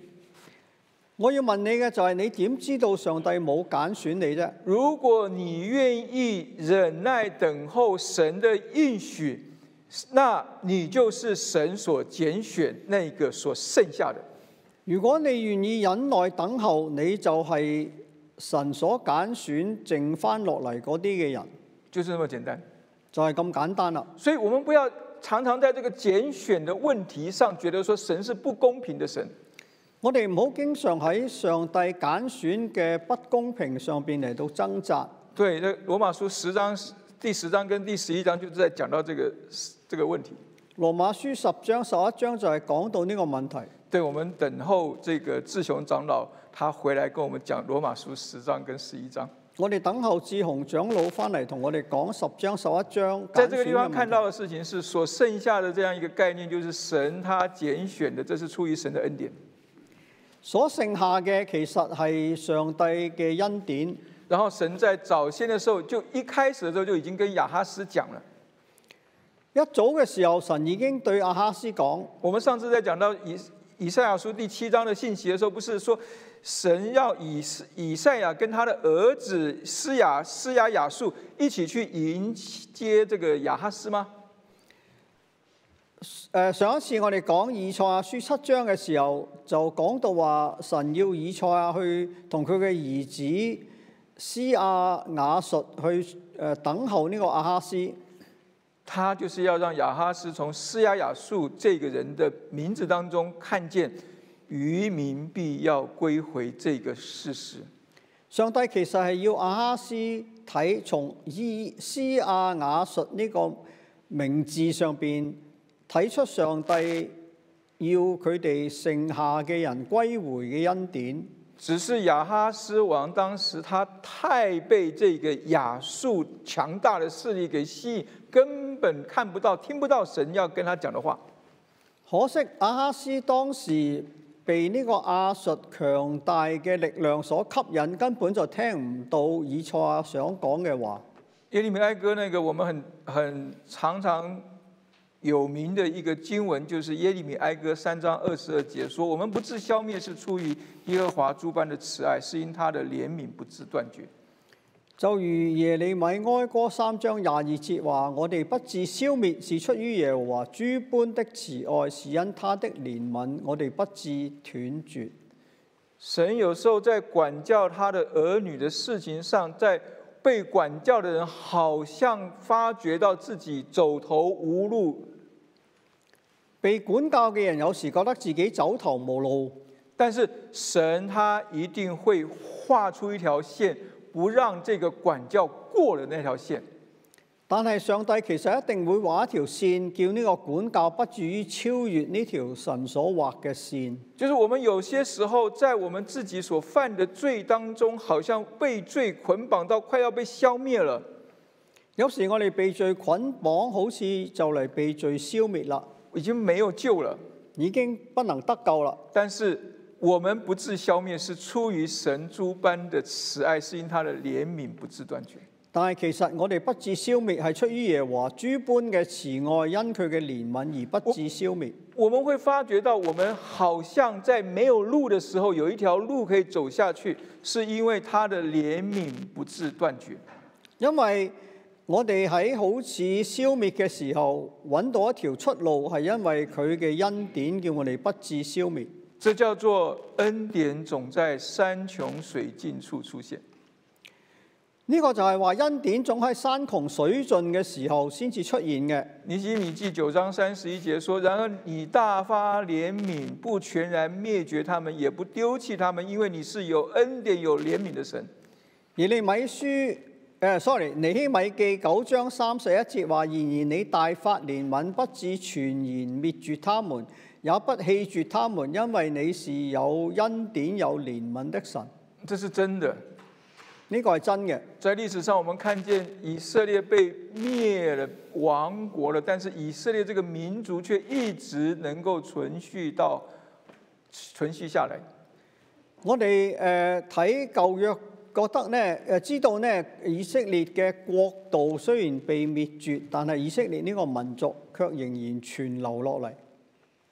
我要問你嘅就係你點知道上帝冇揀選你啫？
如果你願意忍耐等候神的應許。那你就是神所揀選那個所剩下的。如果你願意忍耐等候，
你就係神所揀選剩翻落嚟嗰啲嘅人。就這麼簡單，就係咁簡單啦。所以我們不要常常在這個揀選的問題上，覺得說神是不公平的神。我哋唔好經常喺上帝揀選嘅不公平上面嚟到掙扎。
對，羅馬書十章第十章跟第十一章就是在講到這個。這個問題，
《羅馬書》十章十一章就係講到呢個問題。
對，我們等候這個志雄長老，他回來跟我們講《羅馬書》十章跟十一章。
我哋等候志雄長老翻嚟，同我哋講十章十一章。在這個地方看
到的事情是，所剩下的這樣一個概念，就是神他揀選的，這是出於神的恩典。所剩下嘅其實係上帝嘅恩典，然後神在早先的時候，就一開始的時候就已經跟亞哈斯講了。一早嘅時候，神已經對亞哈斯講，我們上次在講到以以賽亞書第七章嘅信息嘅時候，不是說神要以以賽亞跟他的兒子施亞施亞雅述一起去迎接這個亞哈斯嗎？
誒、呃，上一次我哋講以賽亞書七章嘅時候，就講到話神要以賽亞去同佢嘅兒子施亞雅述去誒、呃、等候呢個亞哈
斯。他就是要讓亞哈斯從施亞雅述這個人的名字當中看見，餘民必要歸回這個事實。
上帝其實係要亞哈斯睇從伊施亞雅述呢個名字上邊睇出上帝
要佢哋剩下嘅人歸回嘅恩典。只是亞哈斯王當時他太被這個亞述強大的勢力給吸引。根本看不到，聽不到神要跟他講的話。可惜亞
哈斯當時被呢個亞述強大嘅力量所吸引，根本就聽唔到以賽亞想講嘅話。
耶利米哀歌，那個我們很很常常有名嘅一個經文，就是耶利米哀歌三章二十二節，說：我們不致消滅，是出於耶和華諸般的慈愛，是因他的憐憫不致斷絕。
就如耶利米哀歌三章廿二節話：我哋不致消滅，是出於耶和華諸般的慈愛，是因他的
憐憫，我哋不致斷絕。神有時候在管教他的兒女的事情上，在被管教的人好像發覺到自己走投無路，被管教嘅人有時覺得自己走投無路，但是神他一定會畫出一條線。不讓這個管教過了那條線，但
係上帝其實一定會畫一條線，叫呢個管教不至於超越呢條神所畫嘅線。
就是我們有些時候在我們自己所犯的罪當中，好像被罪捆綁到快要被消滅了。有時我哋被
罪捆綁，好似就嚟被罪消滅啦，已經沒有救了，已
經不能得救了。但是我們不致消滅，是出於神諸般的慈愛，是因他的憐憫不致斷絕。
但係其實我哋不致消滅係出於耶和華諸般嘅慈愛，因佢嘅憐憫而不致消滅。我，我們會發
覺到，我們好像在沒有路的時候，有一條路可以走下去，是因為他的憐憫不致斷絕。
因為我哋喺好似消滅嘅時候，揾到一條出路，係因為佢嘅恩典，叫
我哋不致消滅。這叫做恩典總在山窮水盡處出現，
呢個就係話恩典總喺山窮水盡嘅
時候先至出現嘅。尼希米記九章三十一節說：然而你大發憐憫，不全然滅絕他們，也不丟棄他們，因為你是有恩典、有憐憫的神。而你米書、呃、，sorry 尼希米記九章三
十一節話：然而你大發憐憫，不至全然滅絕他們。也不棄絕他們，因為你是有恩典、有憐憫的神。這是真
的，呢個係真嘅。在歷史上，我們看見以色列被滅了、亡國了，但是以色列這個民族卻一直能夠存續到存續下來。我哋誒睇舊
約，覺得呢誒知道呢，以色列嘅國度雖然被滅絕，但係以色列呢個民族卻仍然存留落嚟。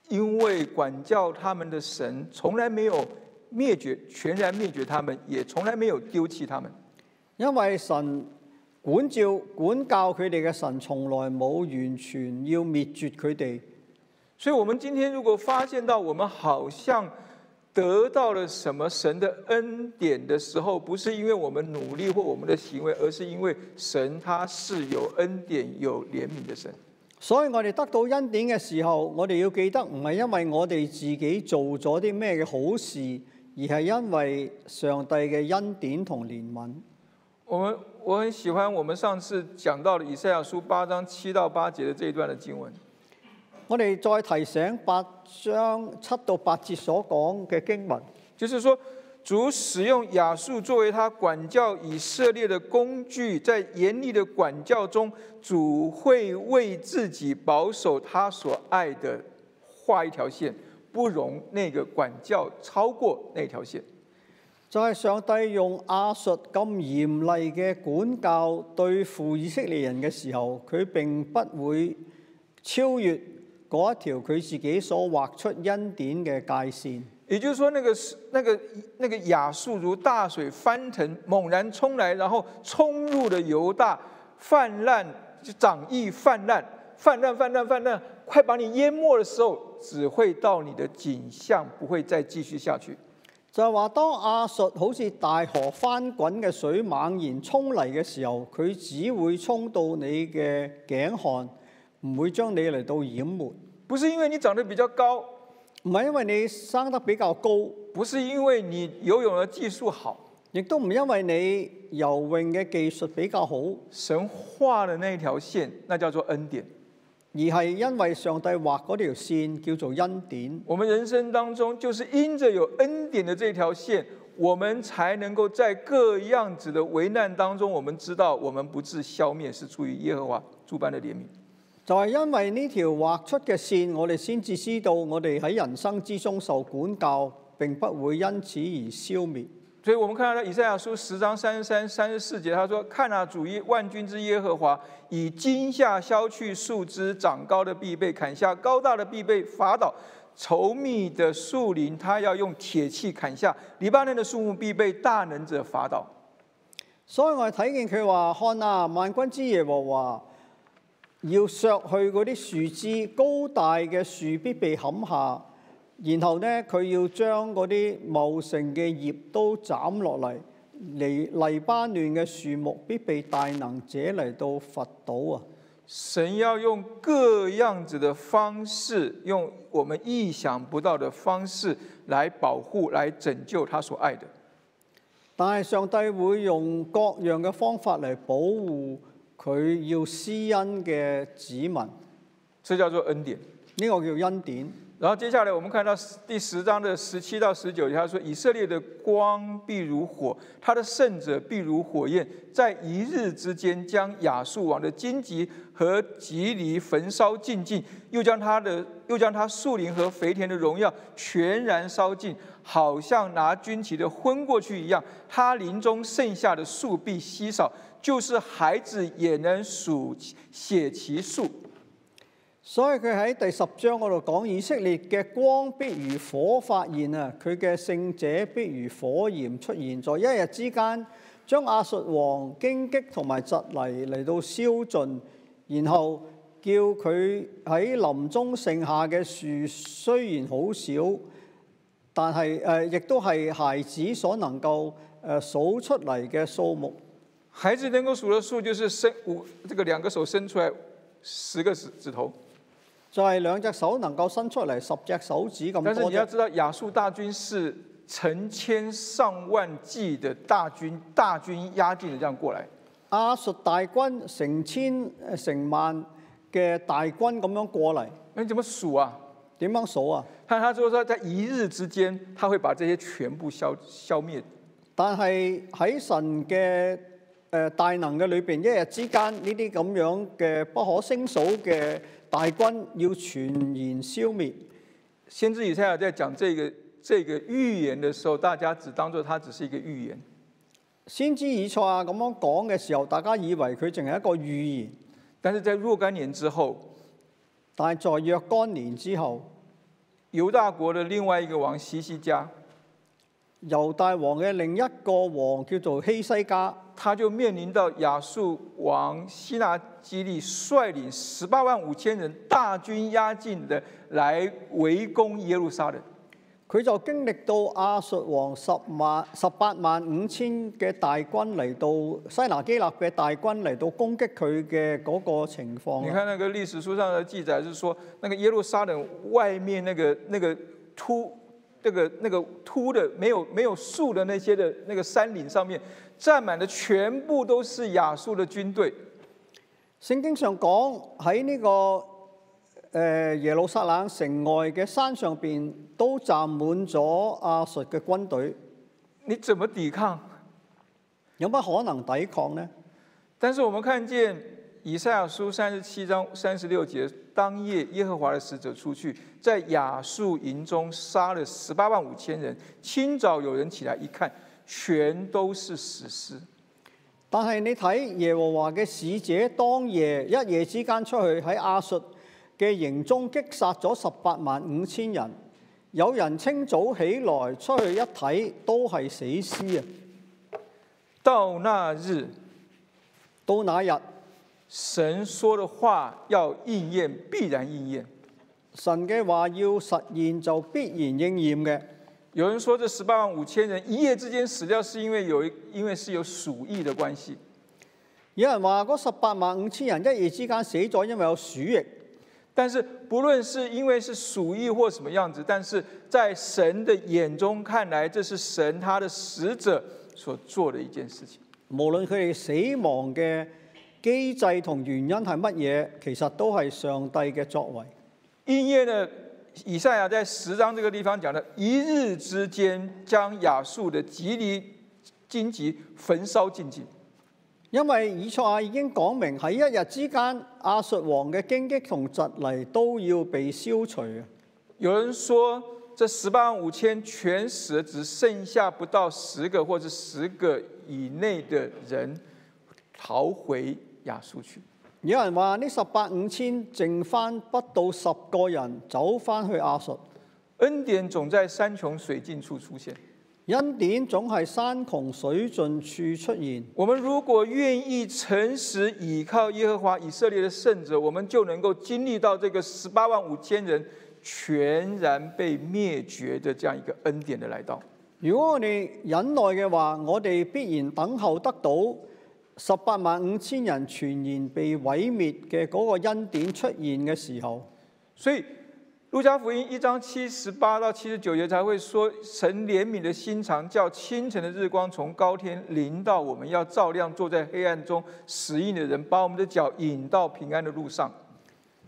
因為
管教他們的神從來沒有滅絕，全然滅絕他們，也從來沒有丟棄他們。因為神
管教、管教佢哋嘅神，從來冇完全
要滅絕佢哋。所以，我們今天如果發現到我們好像得到了什麼神的恩典的時候，不是因為我們努力或我們的行為，而是因為神他是有恩典、有憐憫的神。
所以我哋得到恩典嘅時候，我哋要記得唔係因為我哋自己做咗啲咩嘅好事，而係因為上帝嘅
恩典同憐憫。我們我很喜歡我們上次講到的以賽亞書八章七到八節的這一段的經文。
我哋再提醒八章七到八節所講嘅經文，
就是說。主使用亞述作為他管教以色列的工具，在嚴厲的管教中，主會為自己保守他所愛的畫一條線，不容那個管教超過那條線。在上帝
用亞述咁嚴厲嘅管教對付以色列人嘅時候，佢並不會超越嗰一條佢自己所畫出
恩典嘅界線。也就是說、那個，那個是那個那個亞述如大水翻騰，猛然沖來，然後沖入的猶大，泛濫就漲溢泛濫，泛濫泛濫泛濫，泛濫，快把你淹沒的時候，只會到你的頸項，不會再繼續下去。
就係話當亞述好似大河翻滾嘅水猛然沖嚟嘅時候，佢只會沖到你嘅頸項，唔會將你嚟到淹沒。不是因為你長得比較高。唔係因為你生得比較高，不是因為你游泳的技術好，亦都唔因為你游泳嘅技術比較好，神畫的那條線，
那叫做恩典，而係因為上帝畫嗰條線叫做恩典。我們人生當中就是因着有恩典的這條線，我們才能夠在各樣子的危難當中，我們知道我們不致消滅，是出於耶和華諸般的憐憫。
就係因為呢條畫出嘅線，我哋先至知道我哋喺
人生之中受管教，並不會因此而消滅。所以，我們看到《以賽亞書》十章三十三、三十四節，他說：看哪，主以萬軍之耶和華以驚嚇削去樹枝，長高的必被砍下，高大的必被伐倒，稠密的樹林，他要用鐵器砍下。黎巴嫩的樹木必被大能者伐倒。
所以我睇見佢話：看啊，萬軍之耶和華。要削去嗰啲樹枝，高大嘅樹必被砍下，然後呢，佢要將嗰啲茂盛嘅葉都斬落嚟，嚟黎巴嫩嘅樹木必被大能者嚟到伐倒啊！
神要用各樣子嘅方式，用我們意想不到的方式來保護、來拯救他所愛的，但
係上帝會用各樣嘅方法嚟保護，佢要施
恩嘅子民，呢個叫做恩典。呢個叫恩典。然後接下來，我們看到第十章的十七到十九節，他說以色列的光必如火，他的聖者必如火焰，在一日之間將亞述王的荊棘。和蒺藜焚燒淨盡，又將他的又將他樹林和肥田的榮耀全然燒盡，好像拿軍旗的昏過去一樣。他林中剩下的樹必稀少，就是孩子也能數寫其數。
所以佢喺第十章嗰度講，以色列嘅光必如火發現啊，佢嘅聖者必如火焰出現，在一日之間將亞述王荊棘同埋蒺藜嚟到燒盡。然後叫佢喺林中剩下嘅樹雖然好少，但係誒亦都係孩子所能夠誒數
出嚟嘅數目。孩子能夠數的數就是伸五，這個兩個手伸出來十個指指頭，
就係兩隻手能夠伸出嚟十隻手指咁多嘅。但是你要知
道，亞述大軍是成千上萬計的大軍，大軍壓境咁樣過來。
亞述大軍成千、成萬嘅大軍咁樣過嚟，你點樣數啊？點
樣數啊？係在一日之間，他會把這些全部消消滅。
但係喺神嘅、誒、呃、大能嘅裏邊，一日之間呢啲咁樣嘅不可勝數嘅大軍要全然消滅。
先知以賽亞在講這個這個預言嘅時候，大家只當作他只是一個預言。
先知以賽亞咁樣講嘅時候，大家以為佢淨係一個預言，但是
在若干年之後，但係在若干年之後，
猶大
國嘅另外一個王希西家，
猶大王嘅另一個王
叫做希西家，他就面臨到亞述王西拿基立率領十八萬五千人大軍壓境的來圍攻耶路撒冷。
佢就經歷到亞述王十萬、十八萬五千嘅大軍嚟到，西拿基立嘅大軍嚟到攻擊佢嘅嗰個情況。
你看那個歷史書上的記載，就說那個耶路撒冷外面那個那個禿、那個那個禿的、沒有沒有樹的那些的那個山嶺上面，站滿的全部都是亞述的軍隊。聖經上
講喺呢個。誒，耶路撒冷城外嘅山上邊都站滿咗亞述嘅軍隊，
你怎麼抵抗？
有乜
可能抵抗呢？但是我們看見以賽亞書三十七章三十六節，當夜耶和華的使者出去，在亞述營中殺了十八萬五千人。清早有人起來一看，全都是死屍。
但係你睇耶和華嘅使者當夜一夜之間出去喺亞述。嘅營中擊殺咗十八萬五千人，有人清早起來出去一睇，都係死屍啊！到那日，到那日，神說
的話要應驗，必然應驗。神嘅話要實現，就必然應驗嘅。有人說，這十八萬五千人一夜之間死掉，係因為有因為是有鼠疫嘅關係。有人話，嗰十八萬五千人一夜之間死咗，因為有鼠疫。但是，不論是因為是鼠疫或什麼樣子，但是在神的眼中看來，這是神他的使者所做的一件事情。
無論佢哋死亡嘅機制同原因係乜
嘢，其實都係上帝嘅作為。應驗呢？以賽亞在十章這個地方講的，一日之間將亞述的蒺藜荊棘焚燒盡盡。
因為以賽亞已經講明喺一日之間，亞述王嘅攻擊同襲嚟都要被消除嘅。
有人說，這十八萬五千全蛇只剩下不到十個或者十個以內的人逃回亞述去。有人話
呢十八五千剩翻不到十個人走翻去亞述。
恩典總在山窮水盡處出現。恩典總係山窮水盡處出現。我們如果願意誠實依靠耶和華以色列的聖者，我們就能夠經歷到這個十八萬五千人全然被滅絕的這樣一個恩典的來到。
如果你忍耐嘅話，我哋必然等候得到十八萬五千人全然被毀滅嘅
嗰個恩典出現嘅時候，所以。路加福音一章七十八到七十九節才會說，神憐憫的心腸叫清晨的日光從高天臨到我們，要照亮坐在黑暗中死蔭的人，把我們的腳引到平安的路上。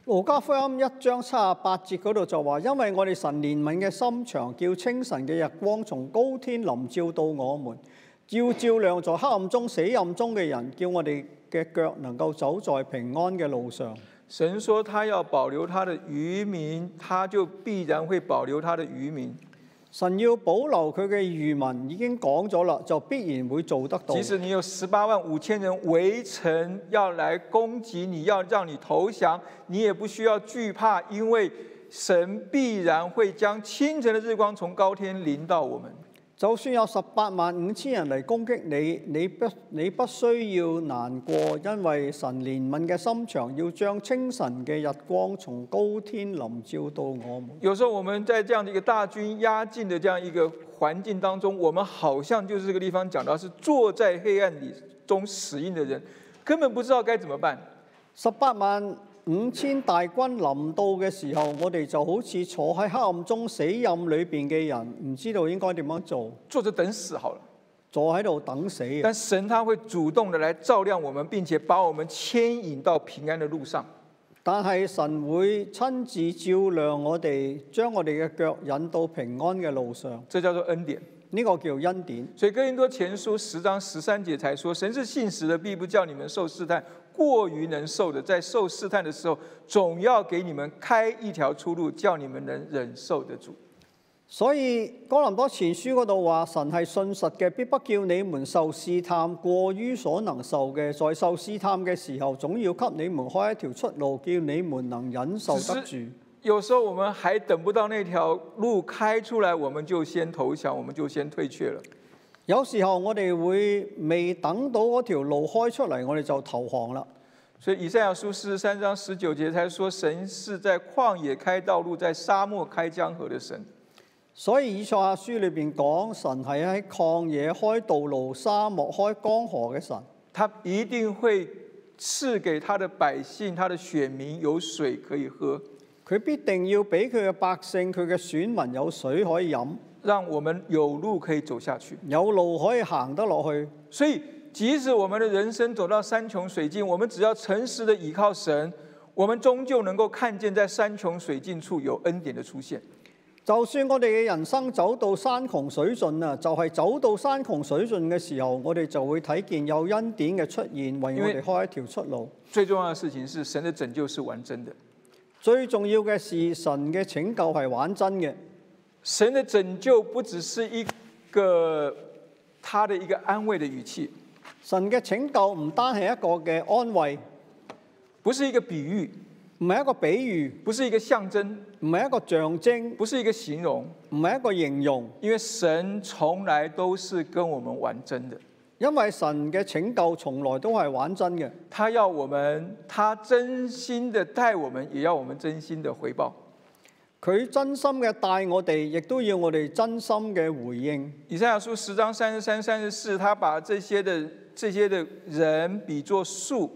路加福音一章七十八節嗰度就話，因為我哋神憐憫嘅心腸，叫清晨嘅日光從高天臨照到我們，要照，照亮在黑暗中死蔭中嘅人，叫我哋嘅腳能夠走在平安嘅路
上。神說他要保留他的餘民，他就必然會保留他的餘民。
神要保留佢嘅餘民，已經講咗啦，就必然會做得到。即使
你有十八萬五千人圍城要來攻擊你，要讓你投降，你也不需要懼怕，因為神必然會將清晨的日光從高天臨到我們。
就算有十八萬五千人嚟攻擊你，你不你不需要難過，因為神憐憫嘅心腸要將清晨嘅日光從高天臨照到我們。
有時候我們在這樣的一個大軍壓境的這樣一個環境當中，我們好像就是這個地方講到是坐在黑暗裏中死蔭的人，根本不知道該怎麼辦。十八
萬。五千大軍臨到嘅時候，我哋就好似坐喺黑暗中死
蔭裏邊嘅人，唔知道應該點樣做。坐喺等死好了。坐喺度等死。但神他會主動的來照亮我們，並且把我們牽引到平安的路上。
但係神會親自照亮我哋，將我哋嘅腳
引到平安嘅路上。這叫做恩典，呢個叫恩典。所以《哥林多前書》十章十三節才說：神是信實的，必不叫你們受試探。過於能受的，在受試探的時候，總要給你們開一條出路，叫你們能忍受得住。
所以哥林多前書嗰度話，神係信實嘅，必不叫你們受試探過於所能受嘅。在受試探嘅時候，總要給你們開一條出路，叫你們能忍受得住。只
是有時候我們還等不到那條路開出來，我們就先投降，我們就先退却了。
有時候我哋會未等到嗰條路開出嚟，我哋就投降啦。
所以以賽亞書四十三章十九節，才說神是在曠野開道路，在沙漠開江河的神。
所以以賽亞書裏邊講神係喺曠野開道路，沙漠開江河嘅神。
他一定會賜給他的百姓，他的選民有水可以喝。佢必定要俾佢嘅百姓，佢嘅選民
有水可以飲。讓我們有路可以走下去，有路可以行得落去。
所以即使我們的人生走到山窮水盡，我們只要誠實的倚靠神，我們終究能夠看見在山窮水盡處有恩典的出現。就
算我哋嘅人生走到山窮水盡啊，就係、是、走到山窮水盡嘅時候，我哋就會睇見有恩典嘅出現，為我哋開一條出路。
最重要嘅事情是神的拯救是玩真的，
最重要嘅是神嘅拯救係玩真嘅。
神的拯救不只是一個他的一個安慰的語氣，
神嘅拯救唔單係一個嘅安
慰，不是一個比喻，唔係一個比喻，不是一個象徵，唔係一個象徵，不是一個形容，唔係一個形容。因為神從來都是跟我們玩真的，
因為神嘅拯救從來都係玩真嘅，他要我們，他真心的待我們，也要我們真心的回報。佢真心嘅帶我哋，亦都要我哋真心嘅回應。
以賽亞書十章三十三、三十四，他把這些嘅這些的人比作樹。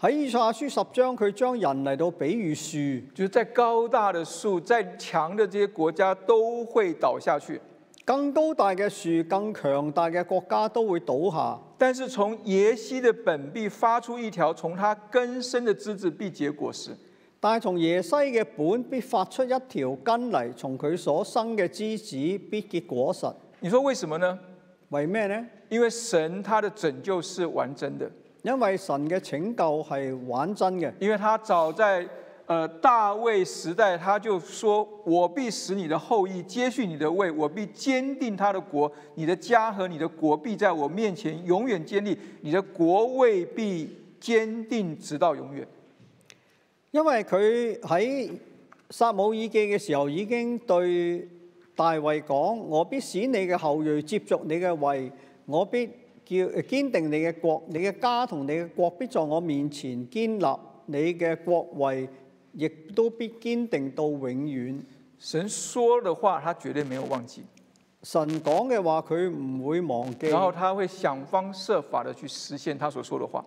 喺以賽亞書十章，佢將人嚟到比喻樹，就是再高大的樹，再強嘅這些國家都會倒下去。更
高大嘅樹，更強大嘅國家都會倒下。
但是從耶西的本必發出一條，從它根生嘅枝子必結果實。
但係從耶西嘅本必發出一條根嚟，從佢所生嘅枝子必結果實。你說為
什麼呢？為咩呢？因為神他的拯救是完整的，因為神嘅拯救係完整嘅，因為他早在，呃、大衛時代他就說我必使你的後裔接續你的位，我必堅定他的國，你的家和你的國必在我面前永遠堅立，你的國位必堅定直到永遠。
因為佢喺撒母耳記嘅時候已經對大衛講：我必使你嘅後裔接續你嘅位，我必叫堅定你嘅國，你嘅家同你嘅國必在我面前建立，你嘅國位亦都必堅定到永遠。神說
的話，他絕對沒有忘記。
神講嘅話，佢唔會忘記。然後
他會想方設法地去實現他所說的話。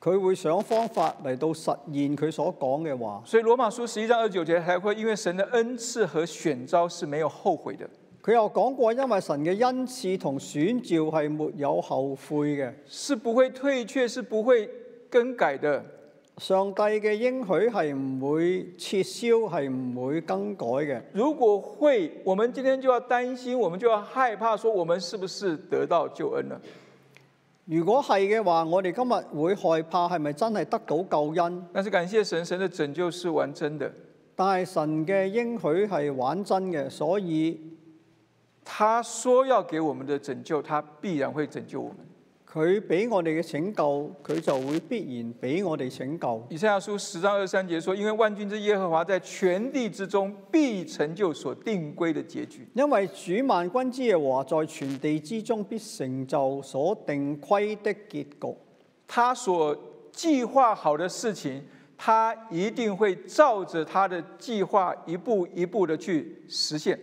佢會想方法嚟到實現佢所講嘅話。所以羅馬書十一章二九節係，會因為神的恩賜和選召是沒有後悔的。
佢又講過因為神嘅恩賜同選召係沒有後悔嘅，
是不會退卻，是不會更改的。
上
帝嘅應許係唔會撤銷，係唔會更改嘅。如果會，我們今天就要擔心，我們就要害怕，說我們是不是得到救恩了？
如果係嘅話，我哋今日會害怕，係咪真係得到救恩？
但是感謝神，神的拯救是玩真的。
但係神嘅應許係玩真嘅，所以他說要給我們的拯救，他必然會拯救我們。佢俾我哋嘅拯救，佢就會必然俾我哋拯救。
以賽亞書十章二三節說，因為萬軍之耶和華在全地之中必成就所定規的結局。
因為主萬軍之耶和華在全地之中必成就所
定規的結局。他所計劃好的事情，他一定會照着他的計劃一步一步地去實
現。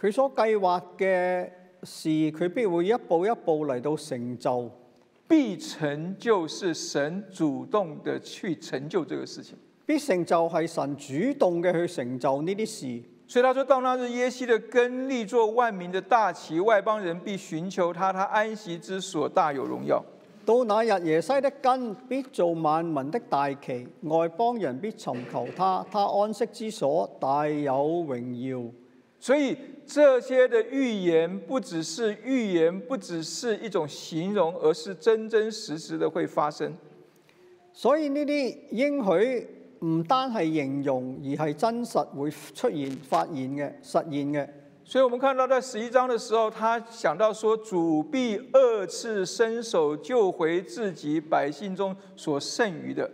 佢所計劃嘅。是佢必會一步一步嚟到成就，
必成就是神主動的去成就呢
個事情，必成就係神主動嘅去成就呢啲事。
所以他說到那日耶西的根立作萬民的大旗，外邦人必尋求他，他安息之所大有榮耀。
到那日耶西的根必做萬民的大旗，外邦人必尋求他，他安息之所大有榮耀。
所以這些的預言不只是預言，不只是一種形容，而是真真實實的會發生。
所以呢啲應許唔單係形容，而係真實會出現、發現嘅、實
現嘅。所以我們看到在十一章的時候，他想到說主必二次伸手救回自己百姓中所剩餘的。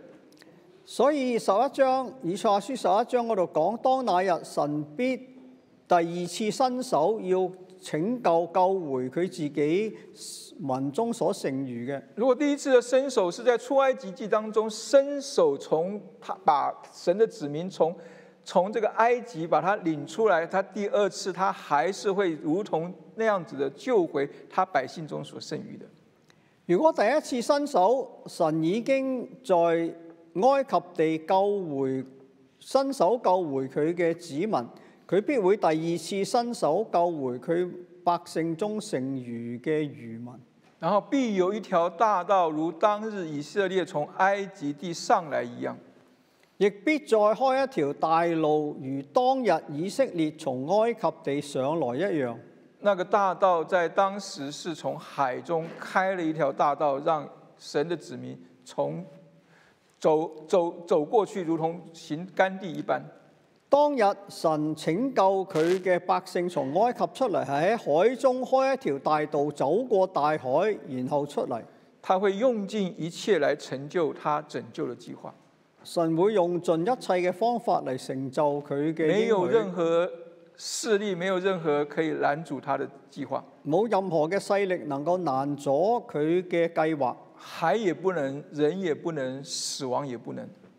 所以十一章以賽亞書十一章嗰度講，當那日神必。第二次伸手要拯救，救回佢自己民中
所剩餘嘅。如果第一次的伸手是在出埃及記當中伸手從他把神的子民從從這個埃及把他領出來，他第二次他還是會如同那樣子的救回他百姓中所剩餘的。
如果第一次伸手神已經在埃及地救回，伸手救回佢嘅子民。佢必會第二次
伸手救回佢百姓中剩餘嘅餘民，然後必有一條大道，如當日以色列從埃及地上來一樣，
亦必再開一條大路，如當日以色列從埃及地上來一樣。
那個大道在當時是從海中開了一條大道，讓神的子民從走走走過去，如同行乾地一般。
當日神拯救佢嘅百姓從埃及出嚟，喺海中開一條大道，走過大海，然後出嚟。
他會用盡一切嚟成就他拯救嘅計劃。
神會用盡一切嘅方法嚟成就佢嘅。沒有任
何勢力，沒有任何可以攔阻他的計劃。
冇任何嘅勢力能夠攔阻佢嘅計劃，海也不能，人也不能，死亡也不能。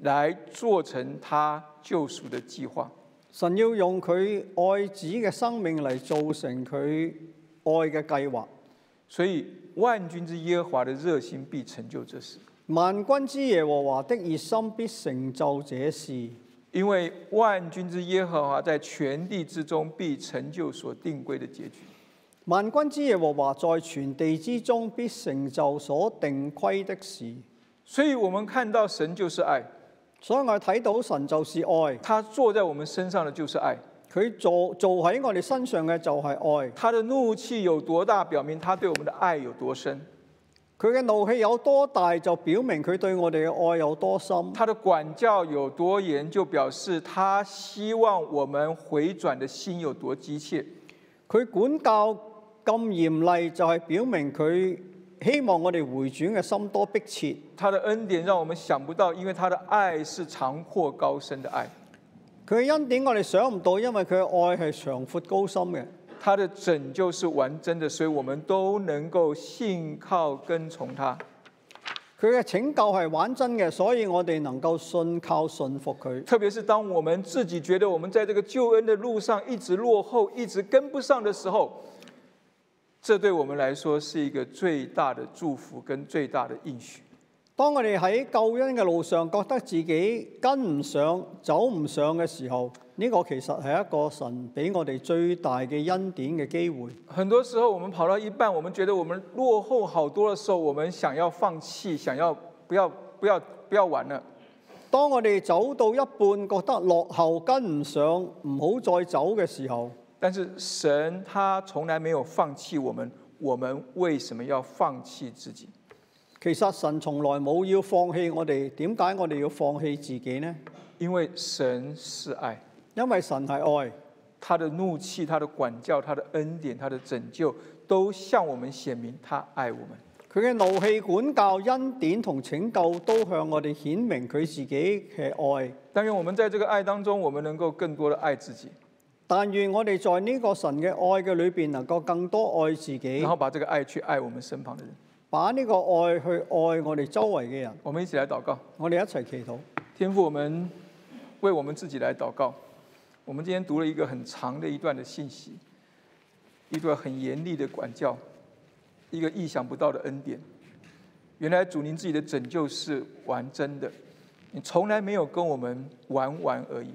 來做成他救贖的計劃，
神要用佢愛子嘅生命嚟做成佢愛嘅計劃，所以萬軍之耶和華的熱心必成就這事。萬軍之耶和華的熱心必成就這事。
因為萬軍之耶和華在全地之中必成就所定規的結局。
萬軍之耶和華在全地之中必成就所定規的事，所以我們看到神就是愛。所以我哋睇到神就是
愛，他坐在我們身上的就是愛，佢做做喺我哋身上嘅就係愛。他的怒氣有多大，表明他對我們的愛有多深。佢嘅怒氣有
多大，就表明佢對我哋嘅愛有多深。
他的管教有多嚴，就表示他希望我們回轉的心有多急切。佢
管教咁嚴厲，就係表明佢。希望我哋回轉嘅心
多迫切。他的恩典讓我們想不到，因為他的愛是長闊高深的愛。佢嘅恩典我哋想唔到，因為佢嘅愛係長闊高深嘅。他的拯救是完整的，所以我們都能夠信靠跟從他。
佢嘅拯救係完整嘅，所以我哋能夠信靠信服佢。
特別是當我們自己覺得我們在這個救恩的路上一直落後、一直跟不上的時候。這對我們來說是一個最大的祝福跟最大的應許。
當我哋喺救恩嘅路上覺得自己跟唔上、走唔上嘅時候，呢個其實係一個神俾我哋最大嘅恩典嘅機
會。很多時候，我們跑到一半，我們覺得我們落後好多嘅時候，我們想要放棄，想要不要、不要、不要玩了。當我哋走到一半，覺得落後跟唔上，唔好再走嘅時候。但是神他從來沒有放棄我們，我們為什麼要放棄自己？其
實神從來冇要放棄我哋，點解我哋要放棄自己呢？因為
神是愛，因為神係愛，他的怒氣、他的管教、他的恩典、他的拯救，都向我們顯明他愛我們。佢嘅怒氣、管教、
恩典同拯救，都向我哋顯明佢自己嘅愛。但願我們在這
個愛當中，我們能夠更多地愛自己。
但願我哋在呢個神嘅愛嘅裏邊，能夠更多愛自己。然後把這個愛去愛我們身旁的人。把呢個愛去
愛我哋周圍嘅人。我們一起來禱告，我哋一齊祈禱。天父，我們為我們自己來禱告。我們今天讀了一個很長的一段的信息，一段很嚴厲的管教，一個意想不到的恩典。原來主您自己的拯救是玩真的，你從來沒有跟我們玩玩而已。